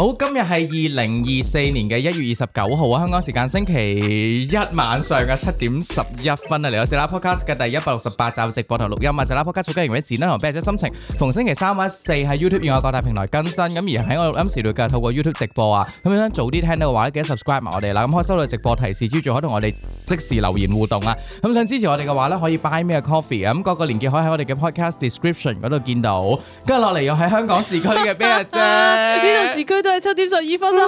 好，今日係二零二四年嘅一月二十九號啊，香港時間星期一晚上嘅七點十一分啊，嚟我四啦 Podcast 嘅第一百六十八集直播同錄音啊，四啦 Podcast 做嘅嘢唔止呢堂咩啫，心情逢星期三或者四喺 YouTube 以外各大平台更新，咁而喺我錄音時段嘅透過 YouTube 直播啊，咁想早啲聽到嘅話咧，記得 subscribe 埋我哋啦，咁開收到直播提示，亦仲可同我哋即時留言互動啊，咁想支持我哋嘅話咧，可以 buy me a coffee 啊，咁各個連結可以喺我哋嘅 Podcast description 嗰度見到，跟住落嚟又喺香港市區嘅邊啊啫，呢度市區都。七點十二分啦，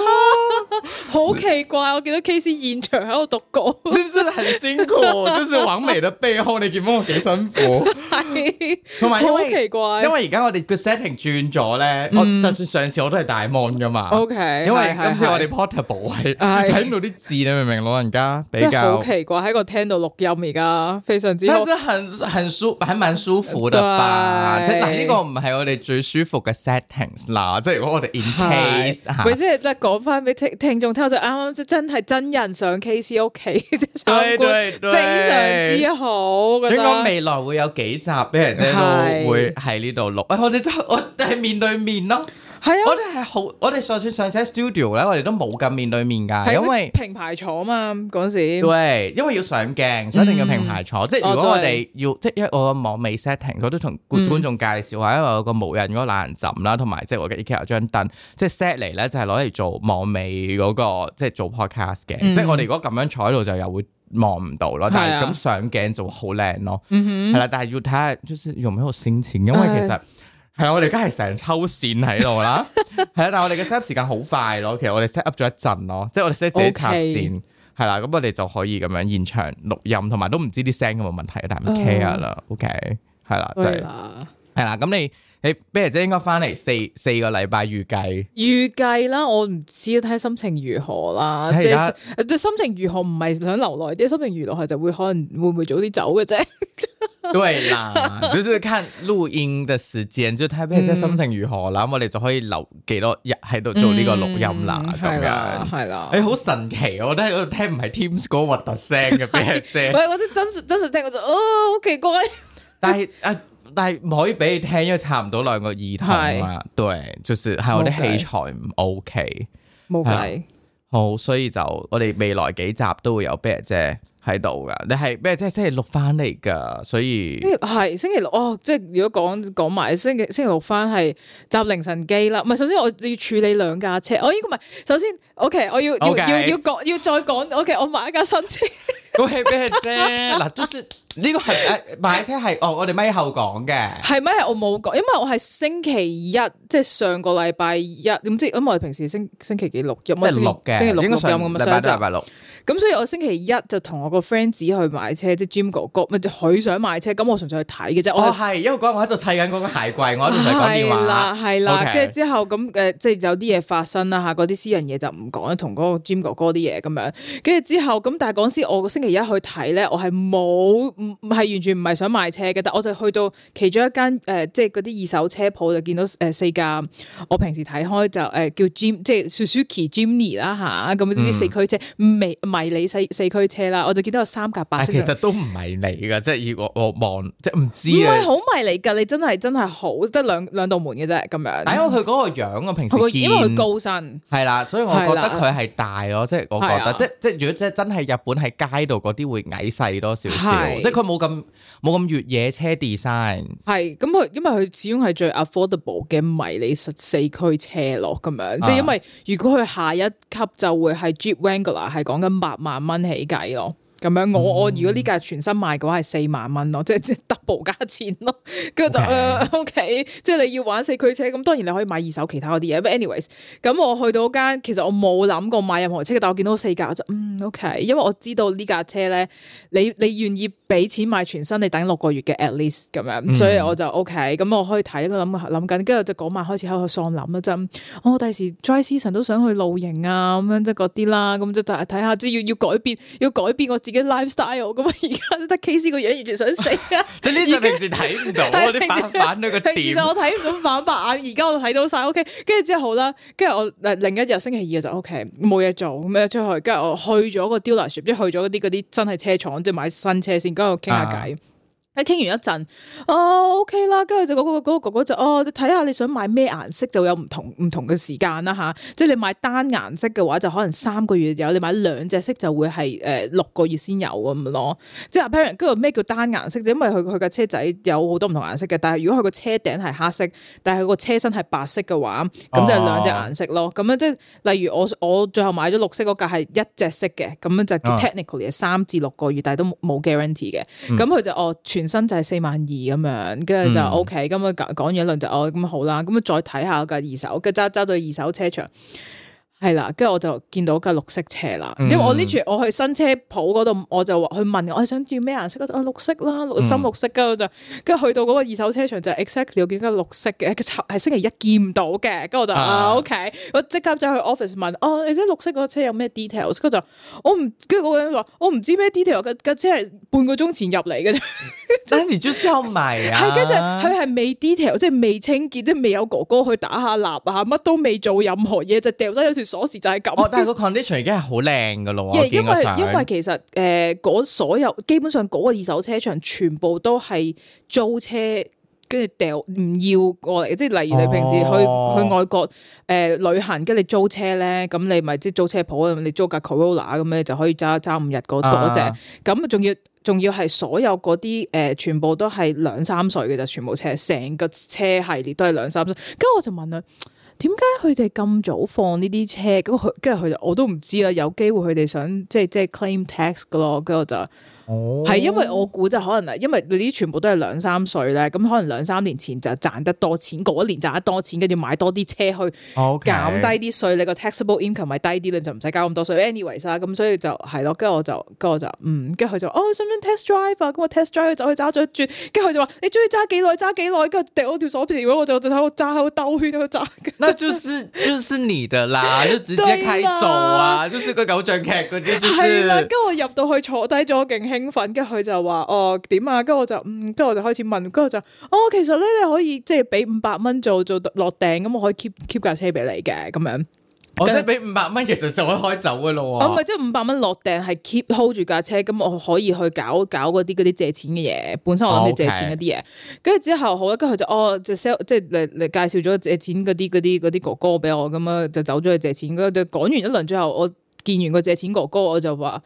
好奇怪，我見到 K C 現場喺度讀稿，知唔知很辛苦，就是完美的背後，你見到我幾辛苦，係同埋好奇怪，因為而家我哋 setting 轉咗咧，我就算上次我都係大 mon 噶嘛，OK，因為今次我哋 portable 喺喺度啲字，你明唔明？老人家比較好奇怪喺個廳度錄音而家非常之，但是很很舒，係蠻舒服的吧？即係呢個唔係我哋最舒服嘅 setting 啦，即係如果我哋 in。咪即係再講翻俾聽聽眾聽，就啱啱即真係真人上 K C 屋企參觀，非 常之好。應該未來會有幾集俾人即會喺呢度錄。餵的、哎、我哋就我哋面對面咯。係啊，我哋係好，我哋上次上咗 studio 咧，我哋都冇咁面對面噶，因為平排坐啊嘛嗰陣時。對、因為要上鏡，所以一定要平排坐。嗯、即係如果我哋要，哦、即係因為我個網美 setting，我都同觀眾介紹話，嗯、因為我個無人嗰個懶人枕啦，同埋即係我嘅 IKEA 張凳，即係 set 嚟咧就攞嚟做網美嗰、嗰個，即係做 podcast 嘅。嗯、即係我哋如果咁樣坐喺度，就又會望唔到咯。但係咁上鏡就好靚咯。係啦、啊嗯哼，但係要睇，就是有冇心情，因為其實。係啊，我哋而家係成日抽線喺度啦，係 啊， 但係我哋嘅 set up 時間好快咯，其實我哋 set up 咗一陣咯，即係我哋自己插線係啦，咁我哋就可以咁樣現場錄音樂，同埋都唔知啲聲有冇問題，但係唔 care 啦，OK 係啦，即係係啦，咁你。你 b、欸、姐應該翻嚟四四個禮拜，預計預計啦，我唔知睇心情如何啦。家即係心情如何唔係想留耐啲，心情娛樂下就會可能會唔會早啲走嘅啫。對啦， 就是看錄音的時間，就睇 Billy 姐心情如何啦。嗯、我哋就可以留幾多日喺度做呢個錄音啦。咁、嗯、樣係啦。誒，好、欸、神奇，我覺得喺度聽唔係 Teams 嗰個核突聲嘅 Billy 姐。唔係， 我都真實真實聽，我就哦好奇怪。 但係啊。但係唔可以俾你聽，因為差唔多兩個耳筒啊嘛，是對，就是係我啲器材唔 O K，冇計好，所以就我哋未來幾集都會有 b e 姐喺度噶。你係 b e a 姐星期六翻嚟噶，所以係星期六哦，即係如果講講埋星期星期六翻係集凌晨機啦。唔係，首先我要處理兩架車，我、哦、呢、這個唔係，首先 O、OK, K，我要 OK? 要要講要，要，要再講 O K，我買一架新車。 恭喜咩啫？嗱， 就算呢個係誒買車係，哦，我哋咪後講嘅，係咪？我冇講，因為我係星期一，即係上個禮拜一，點知？係咁我哋平時星星期幾六，即係六嘅，星期六應該上，禮拜六。咁所以我星期一就同我個 friend 去買車，即係 Jim 哥哥，咪佢想買車，咁我純粹去睇嘅啫。我哦，係，因為講我喺度砌緊嗰個鞋櫃，我喺度睇講電話。係啦，係啦 Okay.、呃，跟住之後咁，誒，即係有啲嘢發生啦吓，嗰啲私人嘢就唔講同嗰個 Jim 哥哥啲嘢咁樣。跟住之後咁，但係講先，我星期一去睇咧，我係冇，係完全唔係想買車嘅，但我就去到其中一間誒、呃，即係嗰啲二手車鋪就見到誒四架我平時睇開就誒、呃、叫 Jim, 即 Jim，即係 Suzuki Jimny 啦、啊、吓，咁呢啲四驅車未？嗯。迷你四四驅車啦，我就見到有三格八。但其實都唔迷你㗎，即係如果我望即係唔知啊。唔係好迷你㗎，你真係真係好得兩兩道門嘅啫咁樣。但係、哎、呀因為佢嗰個樣啊，平時見因為佢高身係啦，所以我覺得佢係大咯，即係的我覺得的即係即係如果即係真係日本喺街度嗰啲會矮細多少少，的即係佢冇咁冇咁越野車 design。係咁佢因為佢始終係最 affordable 嘅迷你實四驅車咯，咁樣即係、啊、因為如果佢下一級就會係 Jeep Wrangler 係講緊。八萬蚊起計咯。咁樣我我如果呢架全新賣嘅話係四萬蚊咯，即係 double 加錢咯。跟住就 okay、呃、OK，即係你要玩四驅車，咁當然你可以買二手其他嗰啲嘢。不過 anyways，咁我去到間其實我冇諗過買任何車，但我見到四架我就嗯 OK，因為我知道呢架車咧，你你願意俾錢買全新，你等六個月嘅 at least 咁樣，所以我就 OK。咁我可以睇，一佢諗諗緊，跟住就嗰晚開始喺度喪諗啦，真。我、哦、第時 dry season 都想去露營啊，咁樣即係嗰啲啦，咁即睇下即要要，要，改要改變，要改變我嘅 lifestyle 咁啊，而家得 KC 個樣完全想死啊！即係呢啲平時睇唔到， 反反到個點。其實我睇唔到反白眼，而家 我睇到晒 OK。跟住之後好啦，跟住我誒另一日星期二就 OK，冇嘢做，咁樣出去。跟住我去咗個 dealership，即係去咗啲嗰啲真係車廠，即係買新車先，跟住我傾下偈。啊喺傾完一陣，哦，OK 啦，跟住就嗰、嗰個嗰、嗰個哥哥、嗰個、就哦，你睇下你想買咩顏色就，就有唔同唔同嘅時間啦吓，即係你買單顏色嘅話，就可能三個月有；你買兩隻色就會係誒、呃、六個月先有咁咯。即係 apparently 跟住咩叫單顏色？就因為佢佢架車仔有好多唔同顏色嘅，但係如果佢個車頂係黑色，但係個車身係白色嘅話，咁就兩隻顏色咯。咁樣即係例如我我最後買咗綠色嗰架係一隻色嘅，咁樣就 technically 嘅三至六個月，但係都冇 guarantee 嘅。咁佢、嗯、就哦本身就係四萬二咁樣，跟住就 OK，咁啊講講完一輪就哦，咁好啦，咁啊再睇下個二手，跟住揸揸到二手車場。係啦，跟住我就見到架綠色車啦。嗯、因為我呢住，我去新車鋪嗰度，我就話去問我係想要咩顏色嗰陣，綠色啦，綠深綠色㗎、嗯、我就。跟住去到嗰個二手車場就是、exactly 我見架綠色嘅，係星期一見唔到嘅。跟住我就啊，啊 OK，我即刻走去，去 office 問哦、啊啊，你啲綠色嗰個，個，個車有咩 details？跟住我唔，跟住我個人話我唔知咩 details。架架車係半個鐘前入嚟嘅啫。那、嗯、 你、啊、就是要買呀？係跟住佢係未 detail，即係未清潔，即係未有哥哥去打下蠟啊，乜都未做任何嘢就掉低有條。鎖匙就係咁、哦。但係個 condition 已經係好靚噶咯。 因為因為其實誒、呃、所有基本上嗰個二手車場全部都係租車跟住掉唔要過嚟，即係例如你平時去、哦、去，去外國誒、呃、旅行，跟住你租車咧，咁你咪即係租車鋪，你租架 Corolla 咁咧就可以揸揸五日嗰隻。咁仲、啊、要仲要係所有嗰啲誒全部都係兩三歲嘅，就全部車成個車系列都係兩三歲。跟住我就問佢。點解佢哋咁早放呢啲車？咁佢跟住佢就，我都唔知啦。有機會佢哋想即係即係 claim tax 㗎囉，跟住我就。係，因為我估就可能啊，因為你啲全部都係兩三歲咧，咁可能兩三年前就賺得多錢，嗰年賺得多錢，跟住買多啲車去減低啲稅。Okay. 你個 taxable income 咪低啲，你就唔使交咁多稅。anyways 咁所以就係咯，跟住我就，跟住我就，嗯，跟住佢就，哦，想唔想 test drive 啊？咁我 test drive，我就去揸咗一轉，跟住佢就話，你中意揸幾耐？揸幾耐？跟住掟我條鎖匙，如果我就就喺度揸，喺度兜圈喺度揸。那就係、是、就是你嘅啦，就直接開走啊嘛就，就是個狗仗劇嗰啲，係啦，跟住我入到去坐低咗勁興奮，跟佢就話，哦，點啊，跟我就嗯，跟我就開始問，跟我就哦，其實咧你可以即係俾五百蚊做做，做落訂咁，我可以 keep keep 架車俾你嘅咁樣。我即係俾五百蚊，其實就可以開走噶咯。我咪即係五百蚊落訂係 keep hold 住架車，咁我可以去搞搞嗰啲嗰啲借錢嘅嘢。本身我諗住借錢嗰啲嘢，跟住之後好跟住佢就哦，就 sell 即係嚟嚟介紹咗借錢嗰啲嗰啲啲哥哥俾我咁啊，就走咗去借錢。跟住講完一輪之後，我見完個借錢哥哥，我就話。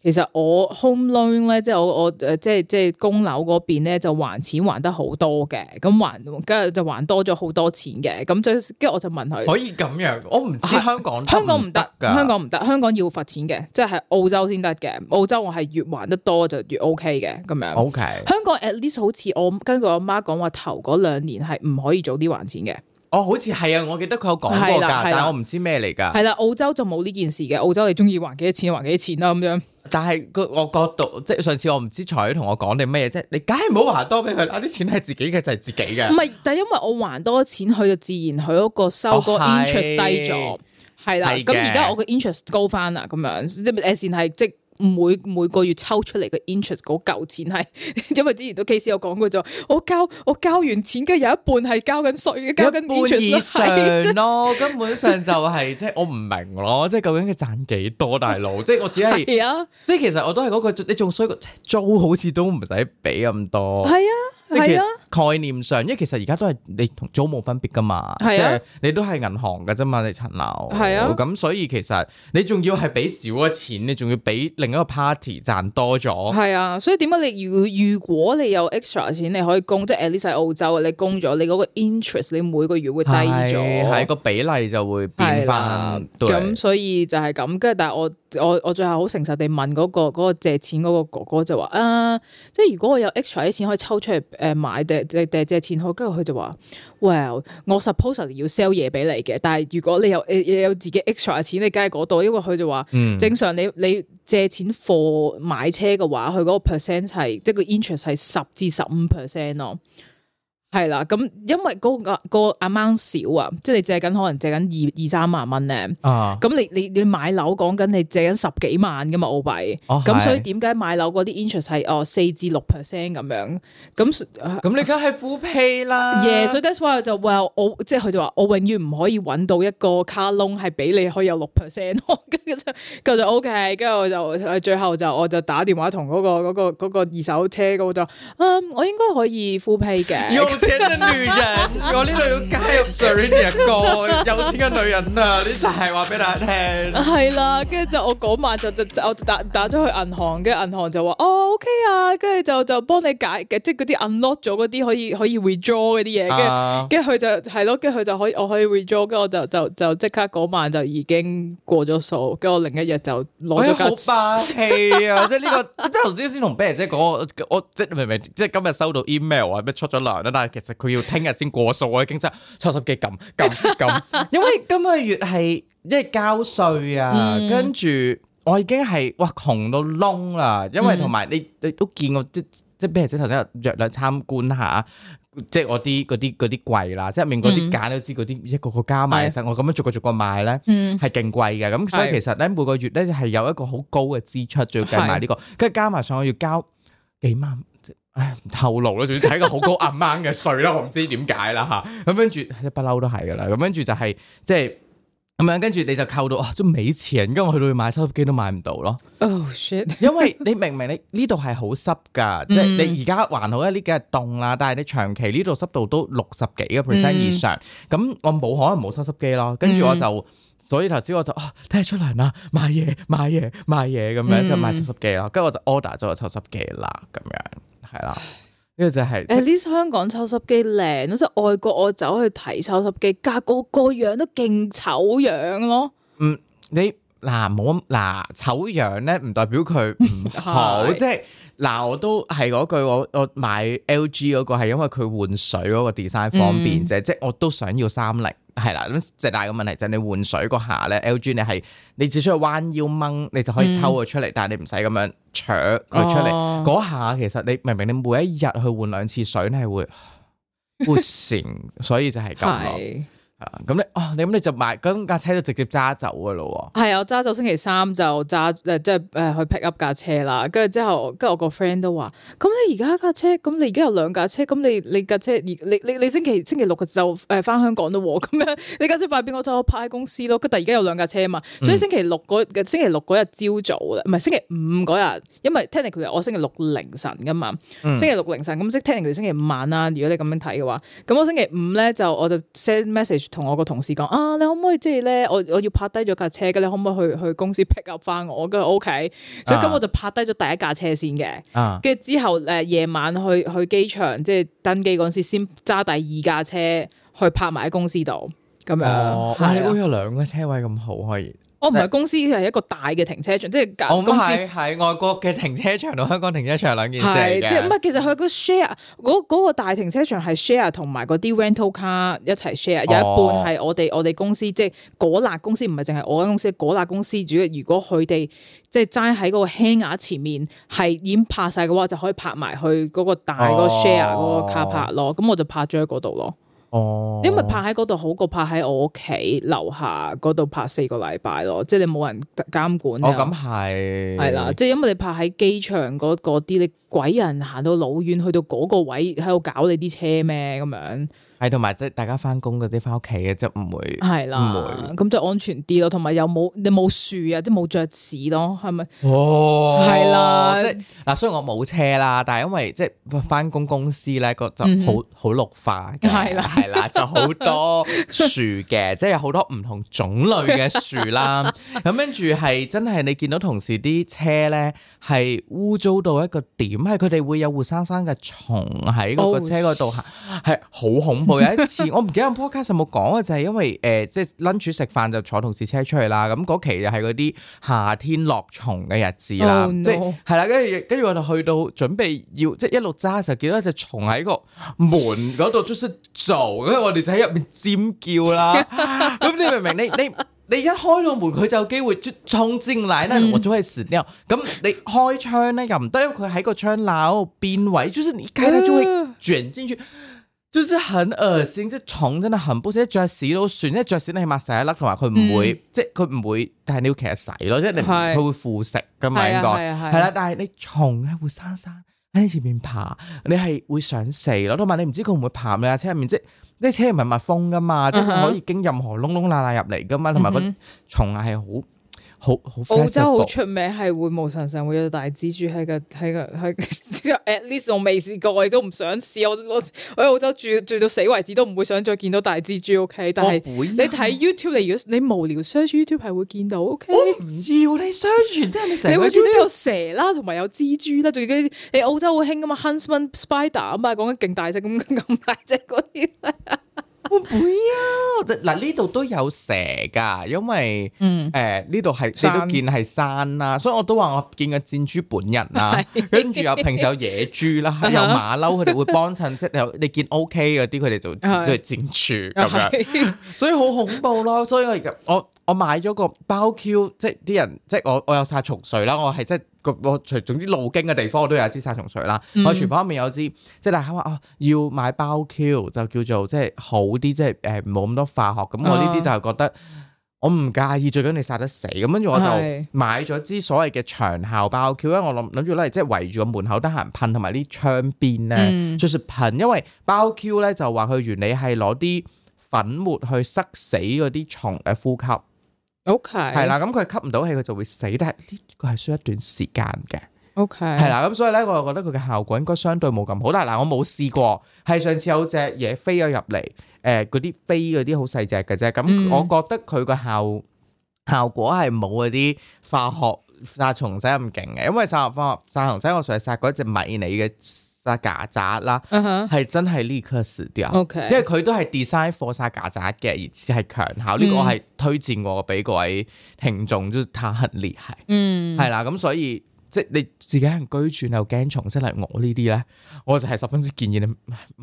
其實我 home loan 咧，即係我我誒，即係即係供樓嗰邊咧，就還錢還得好多嘅，咁還，跟住就還多咗好多錢嘅，咁最，跟住我就問佢。可以咁樣？我唔知是香港，香港。香港唔得噶。香港唔得，香港要罰錢嘅，即係喺澳洲先得嘅。澳洲我係越還得多就越 OK 嘅咁樣。OK。香港 at least 好似我根據我媽講話，頭嗰兩年係唔可以早啲還錢嘅。哦，好似係啊，我記得佢有講過噶，但係我唔知咩嚟噶。係啦，澳洲就冇呢件事嘅，澳洲你中意還幾多錢還幾多錢啦、啊、咁樣。但係個我角度，即係上次我唔知彩同我講定咩嘢啫，你梗係唔好還多俾佢啦，啲錢係自己嘅就係、是、自己嘅。唔係，但係因為我還多錢，佢就自然佢嗰個收個 interest、哦、低咗，係啦。咁而家我個 interest 高翻啦，咁樣即係係即每每個月抽出嚟嘅 interest 嗰嚿錢係， 因為之前都 case 有講過咗，我交我交完錢，嘅有一半係交緊稅，交緊半以上咯。 根本上就係即係我唔明咯，即係究竟佢賺幾多大佬？即係 我只係，即係 是、啊、其實我都係嗰句，你仲衰過租好似都唔使俾咁多。係啊，是啊實，係啊。概念上，因為其實而家都係你同租冇分別噶嘛，啊、即係你都係銀行嘅啫嘛，你層樓，係啊。咁所以其實你仲要係俾少咗錢，你仲要俾另一個 party 賺多咗。係啊，所以點解你如果如果你有 extra 錢你可以供，即係 at least 澳洲，啊，你供咗，你嗰個 interest 你每個月會低咗，係個、啊、比例就會變翻。咁、啊、對所以就係咁，跟住但係我我我最後好誠實地問嗰、嗰個嗰、嗰個借錢嗰個哥哥就話啊，即係如果我有 extra 啲錢可以抽出嚟誒買定。你哋借錢開，跟住佢就話：Well，我 suppose 要 sell 嘢俾你嘅，但係如果你有誒有自己 extra 嘅錢，你梗係嗰度，因為佢就話、嗯、正常你你借錢貨買車嘅話，佢嗰個 percent 係即係、就、個、是、interest 係十至十五 percent 咯。係啦，咁因為嗰、嗰個、嗰個 amount 少啊，即係你借緊可能借緊二二三萬蚊咧，咁你你你買樓講緊你借緊十幾萬噶嘛澳幣，咁、oh, 所以點解買樓嗰啲 interest 係哦四至六 percent 咁樣，咁咁你梗係 full pay 啦，耶、yeah, so，所以 that's why 就 well 我即係佢就話我永遠唔可以搵到一個 car loan 係俾你可以有六 percent，跟住跟住 ok，跟住我就, okay, 後我就最後我就我就打電話同嗰、嗰個嗰、嗰個、嗰個嗰個二手車嗰個就，um, 我應該可以 full pay 嘅。 錢嘅女人，我呢度要加入 Serena 嘅歌。 有錢嘅女人啊，呢就係話俾大家聽。係啦，跟住就我嗰晚就就就打打咗去銀行，跟住銀行就話哦、oh, OK 啊，跟住就就，就幫你解即係、就、嗰、是、啲 unlock 咗嗰啲可以可以 withdraw 嗰啲嘢。跟住跟住佢就係咯，跟住佢就可以我可以 withdraw，跟住我就就就即刻嗰晚就已經過咗數，跟住我另一日就攞咗架。好霸氣啊！即係呢個即係頭先先同 Belle 姐講，我即係明唔明？即係今日收到 email 啊，咩出咗糧但其實佢要聽日先過數，我已經真七十幾撳、撳、撳，因為今個月係即係交稅啊，跟住、嗯、我已經係哇窮到窿啦，因為同埋你你都見過即即，譬如即頭先約你參觀下，即我啲嗰啲嗰啲櫃啦，即係面嗰啲架都知嗰啲一個個加埋，其實的我咁樣逐個逐個買咧，係勁貴嘅，咁所以其實咧每個月咧係有一個好高嘅支出，仲要計埋呢個，跟住加埋上，上我要交幾萬。唉，唔透露啦，仲要睇個好高 amount 嘅稅啦，我唔知點解啦吓，咁跟住不嬲都係噶啦，咁跟住就係即係咁樣，跟住你就扣到啊，都、哦、冇錢，因為我去到去買抽濕機都買唔到咯。o、oh, shit！ 因為你明明你呢度係好濕噶，mm. 即係你而家還好啊，呢幾日凍啦，但係你長期呢度濕度都六十幾個 percent 以上，咁、mm. 我冇可能冇抽濕機咯。跟住我就，mm. 所以頭先我就啊，聽、哦、出糧啦，買嘢買嘢買嘢咁樣，即係、mm. 買抽濕機啦，跟住我就 order 咗個抽濕機啦，咁樣。係啦，呢 個就係、是、誒，呢香港抽濕機靚咯，即係外國我走去睇抽濕機，隔個個樣都勁醜樣咯。嗯，你嗱冇嗱醜樣咧，唔代表佢唔好， 是即係。嗱，我都係嗰句，我我買 LG 嗰個係因為佢換水嗰個 design 方便啫，嗯、即係我都想要三力。係啦，咁最大嘅問題就係你換水嗰下咧，LG 你係你只需要彎腰掹，你就可以抽佢出嚟，嗯、但係你唔使咁樣搶佢出嚟，嗰、哦、下其實你明明你每一日去換兩次水咧係會會成， 所以就係咁咯。咁你、嗯，哦，你咁你就買，咁架車就直接揸走噶咯喎。係啊，揸走星期三就揸，誒，即係誒去 pick up 架車啦。跟住之後，跟住我個 friend 都話，咁你而家架車，咁你而家有兩架車，咁你你架車你你你星期星期六就晝誒翻香港咯，咁 樣你架車快啲俾我就我泊喺公司咯。咁但係而家有兩架車嘛，所以星期六嗰、嗯、星期六嗰日朝早啦，唔係星期五嗰日，因為 technically 我星期六凌晨噶嘛，嗯、星期六凌晨咁即係 technically 星期五晚啦。如果你咁樣睇嘅話，咁我星期五咧就我就 send message。同我個同事講啊，你可唔可以即係咧？我我要泊低咗架車㗎，你可唔可以去去公司 pick up 翻我？跟住我 OK，所以咁我就泊低咗第一架車先嘅。跟住之後誒，夜晚去去機場即係登機嗰時，先揸第二架車去泊埋喺公司度。咁樣，哇、哦！你屋的、哦、有兩個車位咁好，可以。我唔係公司，係一個大嘅停車場，即係架。我唔係喺外國嘅停車場同香港停車場兩件事嘅。係，即唔係其實佢個 share 嗰、嗰個大停車場係 share 同埋嗰啲 rental car 一齊 share、哦、有一半係我哋我哋公司，即果辣公司唔係淨係我間公司，果辣公司主要如果佢哋即係齋喺嗰個 hangar 前面係已經拍晒嘅話，就可以拍埋去嗰個大嗰個 share 嗰個 car park 咯。咁我就拍咗喺嗰度咯。哦，因為泊喺嗰度好過泊喺我屋企樓下嗰度泊四個禮拜咯，即係你冇人監管。哦，咁係係啦，即係因為你泊喺機場嗰啲咧。鬼人行到老遠，去到嗰個位喺度搞你啲車咩咁樣？係同埋即係大家翻工，嗰啲翻屋企嘅，即係唔會係啦，唔會咁就安全啲咯。同埋有冇你冇樹啊，即係冇雀屎咯，係咪？哦，係啦，即係嗱，雖然我冇車啦，但係因為即係翻工公司咧，個就好好綠化嘅，係啦，係啦， 就好多樹嘅，即係有好多唔同種類嘅樹啦。咁跟住係真係你見到同事啲車咧，係污糟到一個點。唔係佢哋會有活生生嘅蟲喺個車嗰度行，係好、oh. 恐怖。有一次我唔記得 podcast 有冇講啊，就係、是、因為誒、呃，即係 lunch 食飯就坐同事車出去啦。咁、那、嗰、個、期就係嗰啲夏天落蟲嘅日子啦，oh, no. 即係係啦。跟住跟住我哋去到準備要即係一路揸時候，見到一隻蟲喺個門嗰度出出做，因我哋就喺入邊尖叫啦。咁你明唔明？你你？你一開到門佢就有機會就衝進來咧，或者係蛇，咁你開窗咧又唔得，因為佢喺個窗樓邊位，就是你雞咧就會捲進去，就是很惡性，即係重，真係行不，而着嚼死都算，即係嚼死你起碼洗一粒，同埋佢唔會，即係佢唔會，但係你要其實洗咯，即係佢會腐蝕噶嘛，應該係啦，但係你蟲咧會生生。喺前面爬，你係會想死咯。同埋你唔知佢會唔會爬你架車入面，面 uh huh. 即係啲車唔係密封噶嘛，即係可以經任何窿窿罅罅入嚟噶嘛。同埋個蟲啊係好。好好，澳洲好出名係會無神神會有大蜘蛛喺個喺個喺，at least 我未試過，亦都唔想試。我我喺澳洲住住到死為止都唔會想再見到大蜘蛛。O、okay? K，但係，哦啊、你睇 YouTube，你如果你無聊 search YouTube 係會見到。OK，我唔要你相傳，即係你成日到有蛇啦，同埋有，有蜘蛛啦，仲要啲你澳洲好興噶嘛 ，Huntsman spider 啊嘛，講緊勁大隻咁咁大隻嗰啲。 會唔會啊！嗱，呢度都有蛇噶，因為誒呢度係你都見係山啦，啊，所以我都話我見個箭豬本人啦，啊，跟住又平時有野豬啦，啊， 有馬騮，佢哋會幫襯，huh. 即係你，你見 O K 嗰啲，佢哋就即係箭豬咁樣， 所以好恐怖咯。所以我我我買咗個包 Q，即係啲人即係我我有殺蟲水啦，我係即係。除總之路經嘅地方，我都有一支殺蟲水啦。嗯、我廚房入面有支，即係大家話啊，要買包 Q 就叫做即係好啲，即係誒冇咁多化學。咁我呢啲就係覺得我唔介意，哦、最緊要殺得死。咁跟住我就買咗支所謂嘅長效包 Q，因為我諗諗住咧，即係圍住個門口得閒噴，同埋啲窗邊咧，嗯、就算噴。因為包 Q 咧就話佢原理係攞啲粉末去塞死嗰啲蟲嘅呼吸。O K，係啦，咁佢 Okay. 吸唔到氣，佢就會死。但係呢個係需要一段時間嘅。O K，係啦，咁所以咧，我就覺得佢嘅效果應該相對冇咁好。但係嗱，我冇試過，係上次有隻嘢飛咗入嚟，誒、呃，嗰啲飛嗰啲好細隻嘅啫。咁我覺得佢個效效果係冇嗰啲化學殺蟲劑咁勁嘅，因為化學化學殺蟲劑，我上次殺過一隻迷你嘅。殺曱甴啦，係、嗯、真係呢刻死掉，s okay, s 啲啊，因為佢都係 design for 殺曱甴嘅，而係強效。呢個係推薦我俾各位聽眾都探下聯繫，係啦，咁所以即係你自己係居住又驚蟲，即嚟我呢啲咧，我就係十分之建議你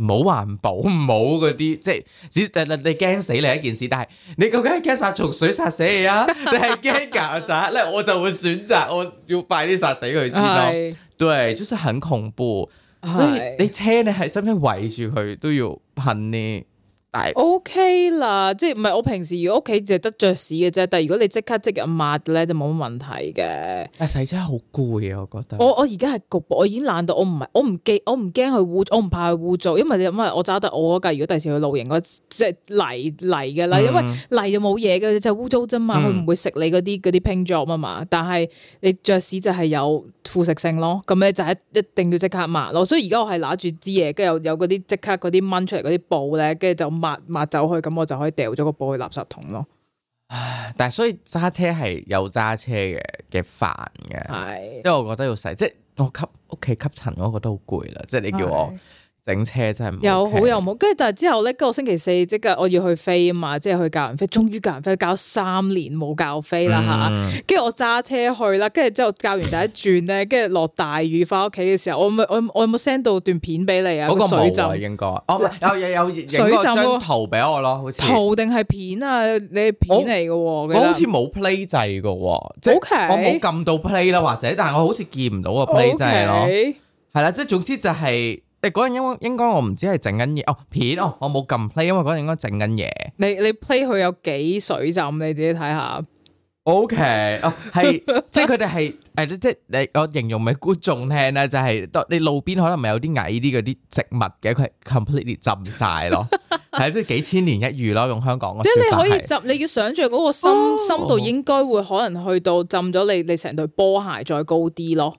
唔好話唔保唔好嗰啲，即係只你驚死你一件事，但係你究竟係驚殺蟲水殺死你啊？ 你係驚曱甴，咧， 我就會選擇我要快啲殺死佢先咯。對，就是很恐怖。所以你車你係，使唔使圍住佢都要噴啲？O K 啦，即係唔係我平時如果屋企淨係得雀屎嘅啫，但係如果你立即刻即日抹咧，就冇乜問題嘅。但係、啊、洗車好攰啊，我覺得。我我而家係局部，我已經懶到我唔係我唔驚我唔驚佢污，我唔怕佢污糟，因為因為我揸得我嗰架，如果第時去露營嗰隻、即係、泥泥嘅啦，因為泥就冇嘢嘅，即係污糟啫嘛，佢唔、嗯、會食你嗰啲嗰啲拼裝啊嘛。Drop，但係你雀屎就係有腐蝕性咯，咁咧就一定要即刻抹咯。所以而家我係拿住支嘢，跟住有有嗰啲即刻嗰啲掹出嚟嗰啲布咧，跟住就。抹抹走去，咁我就可以掉咗個布去垃圾桶咯。唉，但係所以揸車係有揸車嘅嘅煩嘅，即係是我覺得要洗，即係我吸屋企吸塵，我覺得都好攰啦。即係你叫我。整車真係有好有冇，跟住但係之後咧，跟住星期四即刻我要去飛啊嘛，即係去教人飛，終於教人飛教三年冇教飛啦吓，跟住、嗯、我揸車去啦，跟住之後教完第一轉咧，跟住落大雨翻屋企嘅時候，我我我有冇 send 到段片俾你啊？嗰個冇浸應該，哦唔係有有有影過張圖俾我咯，圖定係片啊？你片嚟嘅，我，得我好似冇 play 制嘅，即 okay, 我冇撳到 play 啦，或者，但我好似見唔到個 play 制咯，係啦，即係總之就係、是。嗰陣應應該我唔知係整緊嘢哦片哦，oh, 我冇撳 play，因為嗰陣應該整緊嘢。你你 play 佢有幾水浸，你自己睇下。O K，哦係，即係佢哋係誒，即係你我形容俾觀眾聽啦，就係、是、你路邊可能咪有啲矮啲嗰啲植物嘅，佢係 completely 浸晒咯，係 即係幾千年一遇咯，用香港嘅。即係你可以浸，你要想象嗰個深深度應該會可能去到浸咗你你成對波鞋再高啲咯。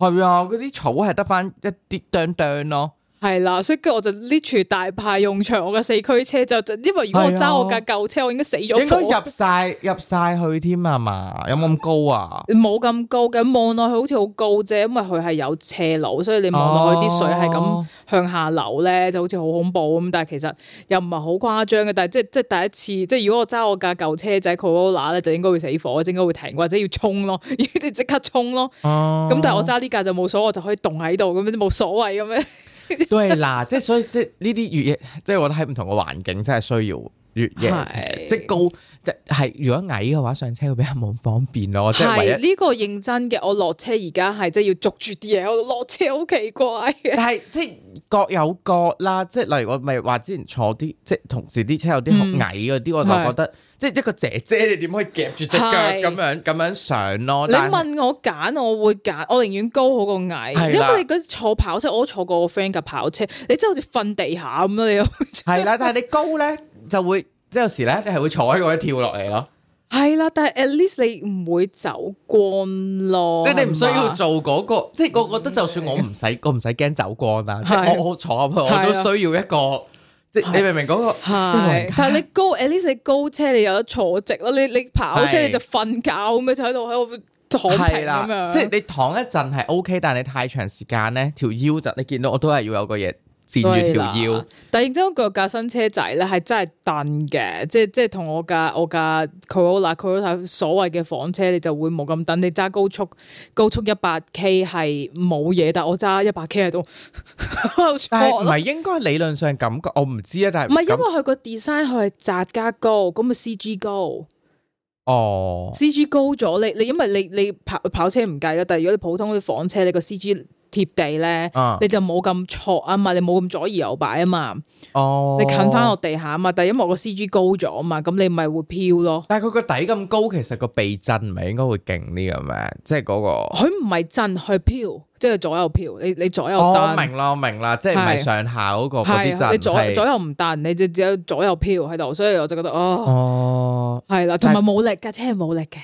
係啊，嗰啲草係得翻一啲啄啄咯。係啦，所以跟住我就拎住大派用場，我嘅四驅車就，因為如果我揸我架舊車，的我應該死咗火應該。應該入晒入晒去添啊嘛？有冇咁高啊？冇咁高嘅，望落去好似好高啫，因為佢係有斜路，所以你望落去啲水係咁向下流咧，就好似好恐怖咁。但係其實又唔係好誇張嘅。但係即係即係第一次，即係如果我揸我架舊車仔，佢嗰個喇咧，就係 Corolla, 就應該會死火，就應該會停或者要衝咯，要即刻衝咯。哦。咁但係我揸呢架就冇所謂，我就可以凍喺度，咁樣冇所謂嘅咩？ 對，嗱，即係所以，即係呢啲越野，即係我覺得喺唔同嘅環境，真係需要越野車，是即係高。即係如果矮嘅話，上車會比較冇咁方便咯，係呢是一個認真嘅。我落車而家係即係要捉住啲嘢，我落車好奇怪。但係即係各有各啦，即係例如我咪話之前坐啲即係同事啲車有啲矮嗰啲，嗯、我就覺得即係是一個姐姐你點可以夾住隻腳咁樣咁是樣上咯？你問我揀，我會揀，我寧願高好過矮，的因為嗰時坐跑車我都坐過我 friend 架跑車，你真係好似瞓地下咁樣。你係啦， 但係你高咧就會。即有時咧，你係會坐喺嗰度跳落嚟咯。係啦，但係 at least 你唔會走光咯。即你唔需要做嗰、那個，吧即我覺得就算我唔使，我唔使驚走光啦。即我我坐入去，我都需要一個。的即你明唔明嗰、那個？係的。即但係你高 at least 你高車，你有得坐直咯。你你跑車的你就瞓覺咁就喺度喺度躺平咁樣。即你躺一陣係 OK，但係你太長時間咧，條腰就你見到我都係要有個嘢。墊住條腰，但認真講，佢架新車仔咧係真係蹬嘅，即係即係同我架我架 Corolla Corolla 所謂嘅房車，你就會冇咁蹬。你揸高速高速一百 K 係冇嘢，但我揸一百 K 喺度 啦，但唔係應該理論上咁，我唔知啊。但係唔係因為佢個 design 佢係扎加高，咁個 CG 高哦，CG 高咗。你你因為你你跑跑車唔計啦，但係如果你普通啲房車，你個 CG。貼地咧，嗯、你就冇咁錯啊嘛，你冇咁左搖右擺啊嘛。哦，你近翻落地下啊嘛，但係因為我個 C G 高咗啊嘛，咁你咪會漂咯。但係佢個底咁高，其實個避震咪應該會勁啲嘅咩？即係嗰個佢唔係震，佢漂，即係左右漂。你你左右，哦，明啦，明啦，即係唔係上下嗰個啲、啊、震、啊？你左右是左右唔蹬，你就只有左右漂喺度，所以我就覺得哦，係啦、哦，同埋冇力嘅，真係冇力嘅。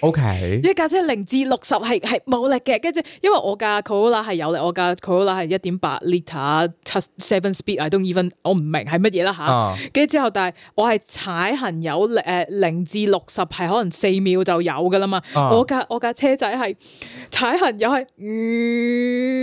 O Okay . K， 一架車零至六十係係冇力嘅，跟住因為我架 Corolla 係有力，我架 Corolla 係一點八 liter 七 seven speed 啊，I don't even 我唔明係乜嘢啦吓，跟住之後但係我係踩行有力誒零至六十係可能四秒就有噶啦嘛，uh. 我架我架車仔係踩行又係，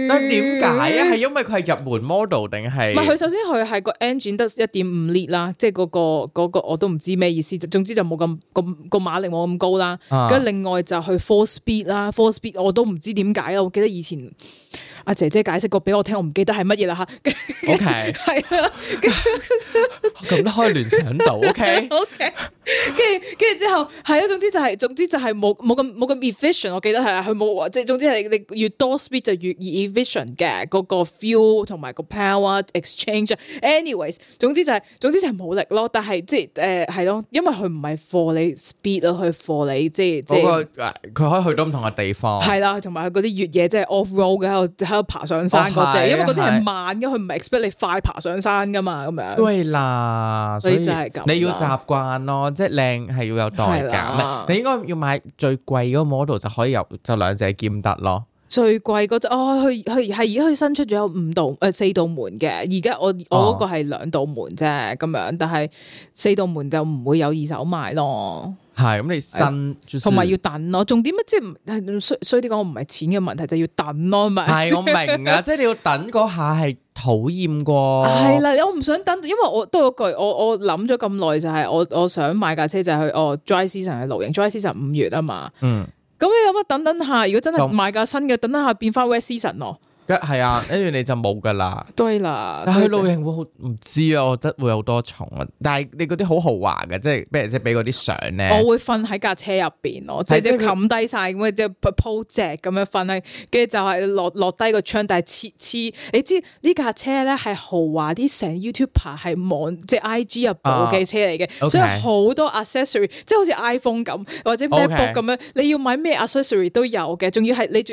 咁點解啊？係因為佢係入門 model 定係？唔係佢首先佢係個 engine 得一點五 liter 啦，即係嗰個嗰個我都唔知咩意思，總之就冇咁咁個馬力冇咁高啦。跟住另外就去 full speed 啦 full speed 我都唔知點解啊，我記得以前。姐姐解釋過俾我聽，我唔記得係乜嘢啦吓。O K，係啊，咁都 可以聯想到。O K，O K，跟住跟住之後係啊，總之就係，總之就係冇冇咁冇咁 efficient。我記得係啊，佢冇即係總之係你越多 speed 就越易 efficient 嘅嗰，嗰個 fuel 同埋個 power exchange。Anyways，總之就係、是、總之就係冇力咯。但係即係誒係咯，因為佢唔係 for 你 speed 咯，佢 for 你即係即佢可以去到唔同嘅地方。係啦、啊，同埋佢嗰啲越野即係 off road 嘅喺度。爬上山嗰隻，哦、因為嗰啲係慢嘅，佢唔係 expect 你快爬上山噶嘛，咁樣。對啦，所以就係咁你要習慣咯，即係靚係要有代價的。你應該要買最貴嗰個 model 就可以有就兩隻兼得咯。最貴嗰隻哦，佢佢係而家佢新出咗有五道誒、呃、四道門嘅，哦、門而家我我嗰個係兩道門啫，咁樣，但係四道門就唔會有二手賣咯。係，咁你新、就是，同埋要等咯。重點啊、就是，即係衰衰啲講，我唔係錢嘅問題，就是、要等咯。咪係我明啊， 即係你要等嗰下係討厭過。係啦，我唔想等，因為我都有嗰句，我我諗咗咁耐就係、是、我我想買架車就係去哦 dry season 去露營，dry season 五月啊嘛。嗯。咁你有乜等等下？如果真係買架新嘅，等等下變翻 west season 咯。係啊，跟住你就冇噶啦，對啦。但係露營會好唔知啊，我覺得會有多重啊。但係你嗰啲好豪華嘅，即係譬如即係俾嗰啲相咧。我會瞓喺架車入邊咯，的即係即冚低晒咁樣，即係鋪只咁樣瞓喺，跟住就係落落低個窗。但係黐黐，你知呢架車咧係豪華啲，成 YouTuber 係網即係 I G 啊部嘅車嚟嘅，okay，所以多 ory，好多 accessory，即係好似 iPhone 咁或者 MacBook 咁樣，okay，你要買咩 accessory 都有嘅，仲要係你